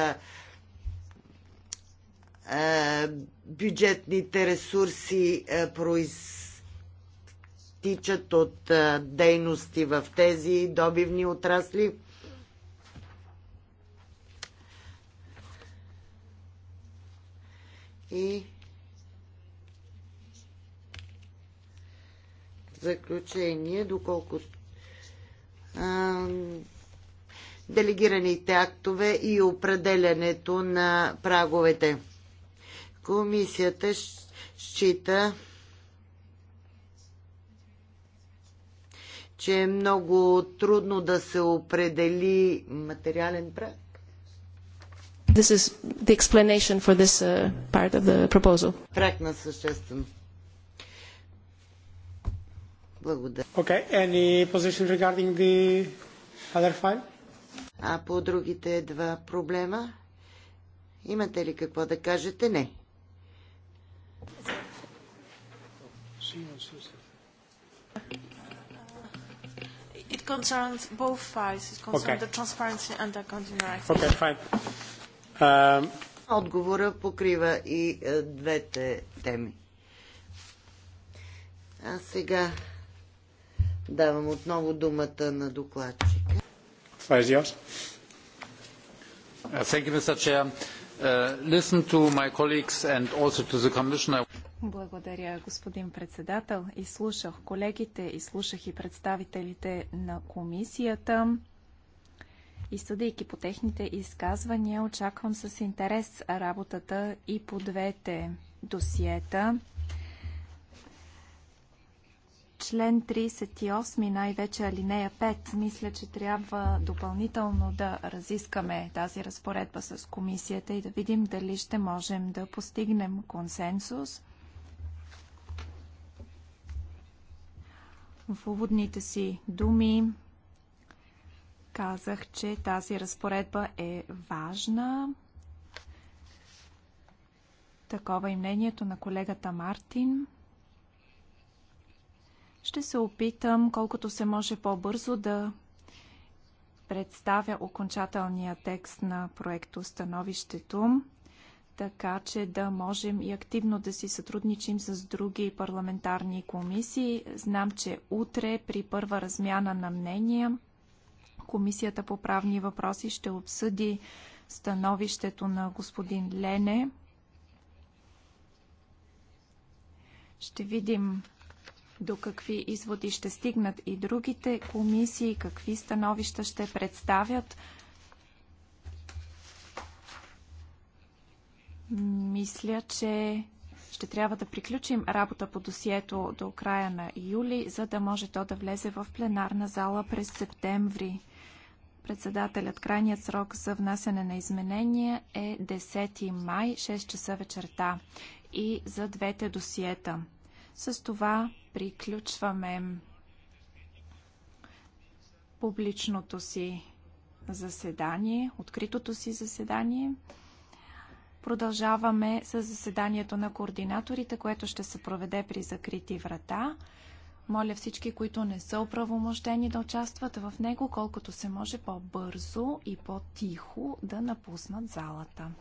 бюджетните ресурси проистичат от дейности в тези добивни отрасли. И заключение, доколко а, делегираните актове и определянето на праговете. Комисията счита, че е много трудно да се определи материален праг This is the explanation for this uh, part of the proposal. Okay, any position regarding the other file? А по другите два проблема? Имате ли какво да кажете? Не. It concerns both files. It concerns okay. the transparency and the continuity. Okay, fine. Отговора покрива и е, двете теми. А сега давам отново думата на докладчика. Това е yours. Uh, thank you, Mr. Chair. Uh, listen to my colleagues and also to the commissioner. Благодаря, господин председател. И слушах колегите, и слушах и представителите на комисията. И съдейки по техните изказвания, очаквам с интерес работата и по двете досиета. Член 38, най-вече алинея 5, мисля, че трябва допълнително да разискаме тази разпоредба с комисията и да видим дали ще можем да постигнем консенсус. В уводните си думи Казах, че тази разпоредба е важна. Такова е и мнението на колегата Мартин. Ще се опитам колкото се може по-бързо да представя окончателния текст на проекто становището, така че да можем и активно да си сътрудничим с други парламентарни комисии. Знам, че утре при първа размяна на мнения Комисията по правни въпроси ще обсъди становището на господин Лене. Ще видим до какви изводи ще стигнат и другите комисии, какви становища ще представят. Мисля, че ще трябва да приключим работа по досието до края на юли, за да може то да влезе в пленарна зала през септември. Председателят крайният срок за внасяне на изменения е 10 май 6 часа вечерта и за двете досиета. С това приключваме публичното си заседание, откритото си заседание. Продължаваме с заседанието на координаторите, което ще се проведе при закрити врата. Моля всички, които не са оправомощени да участват в него, колкото се може по-бързо и по-тихо да напуснат залата.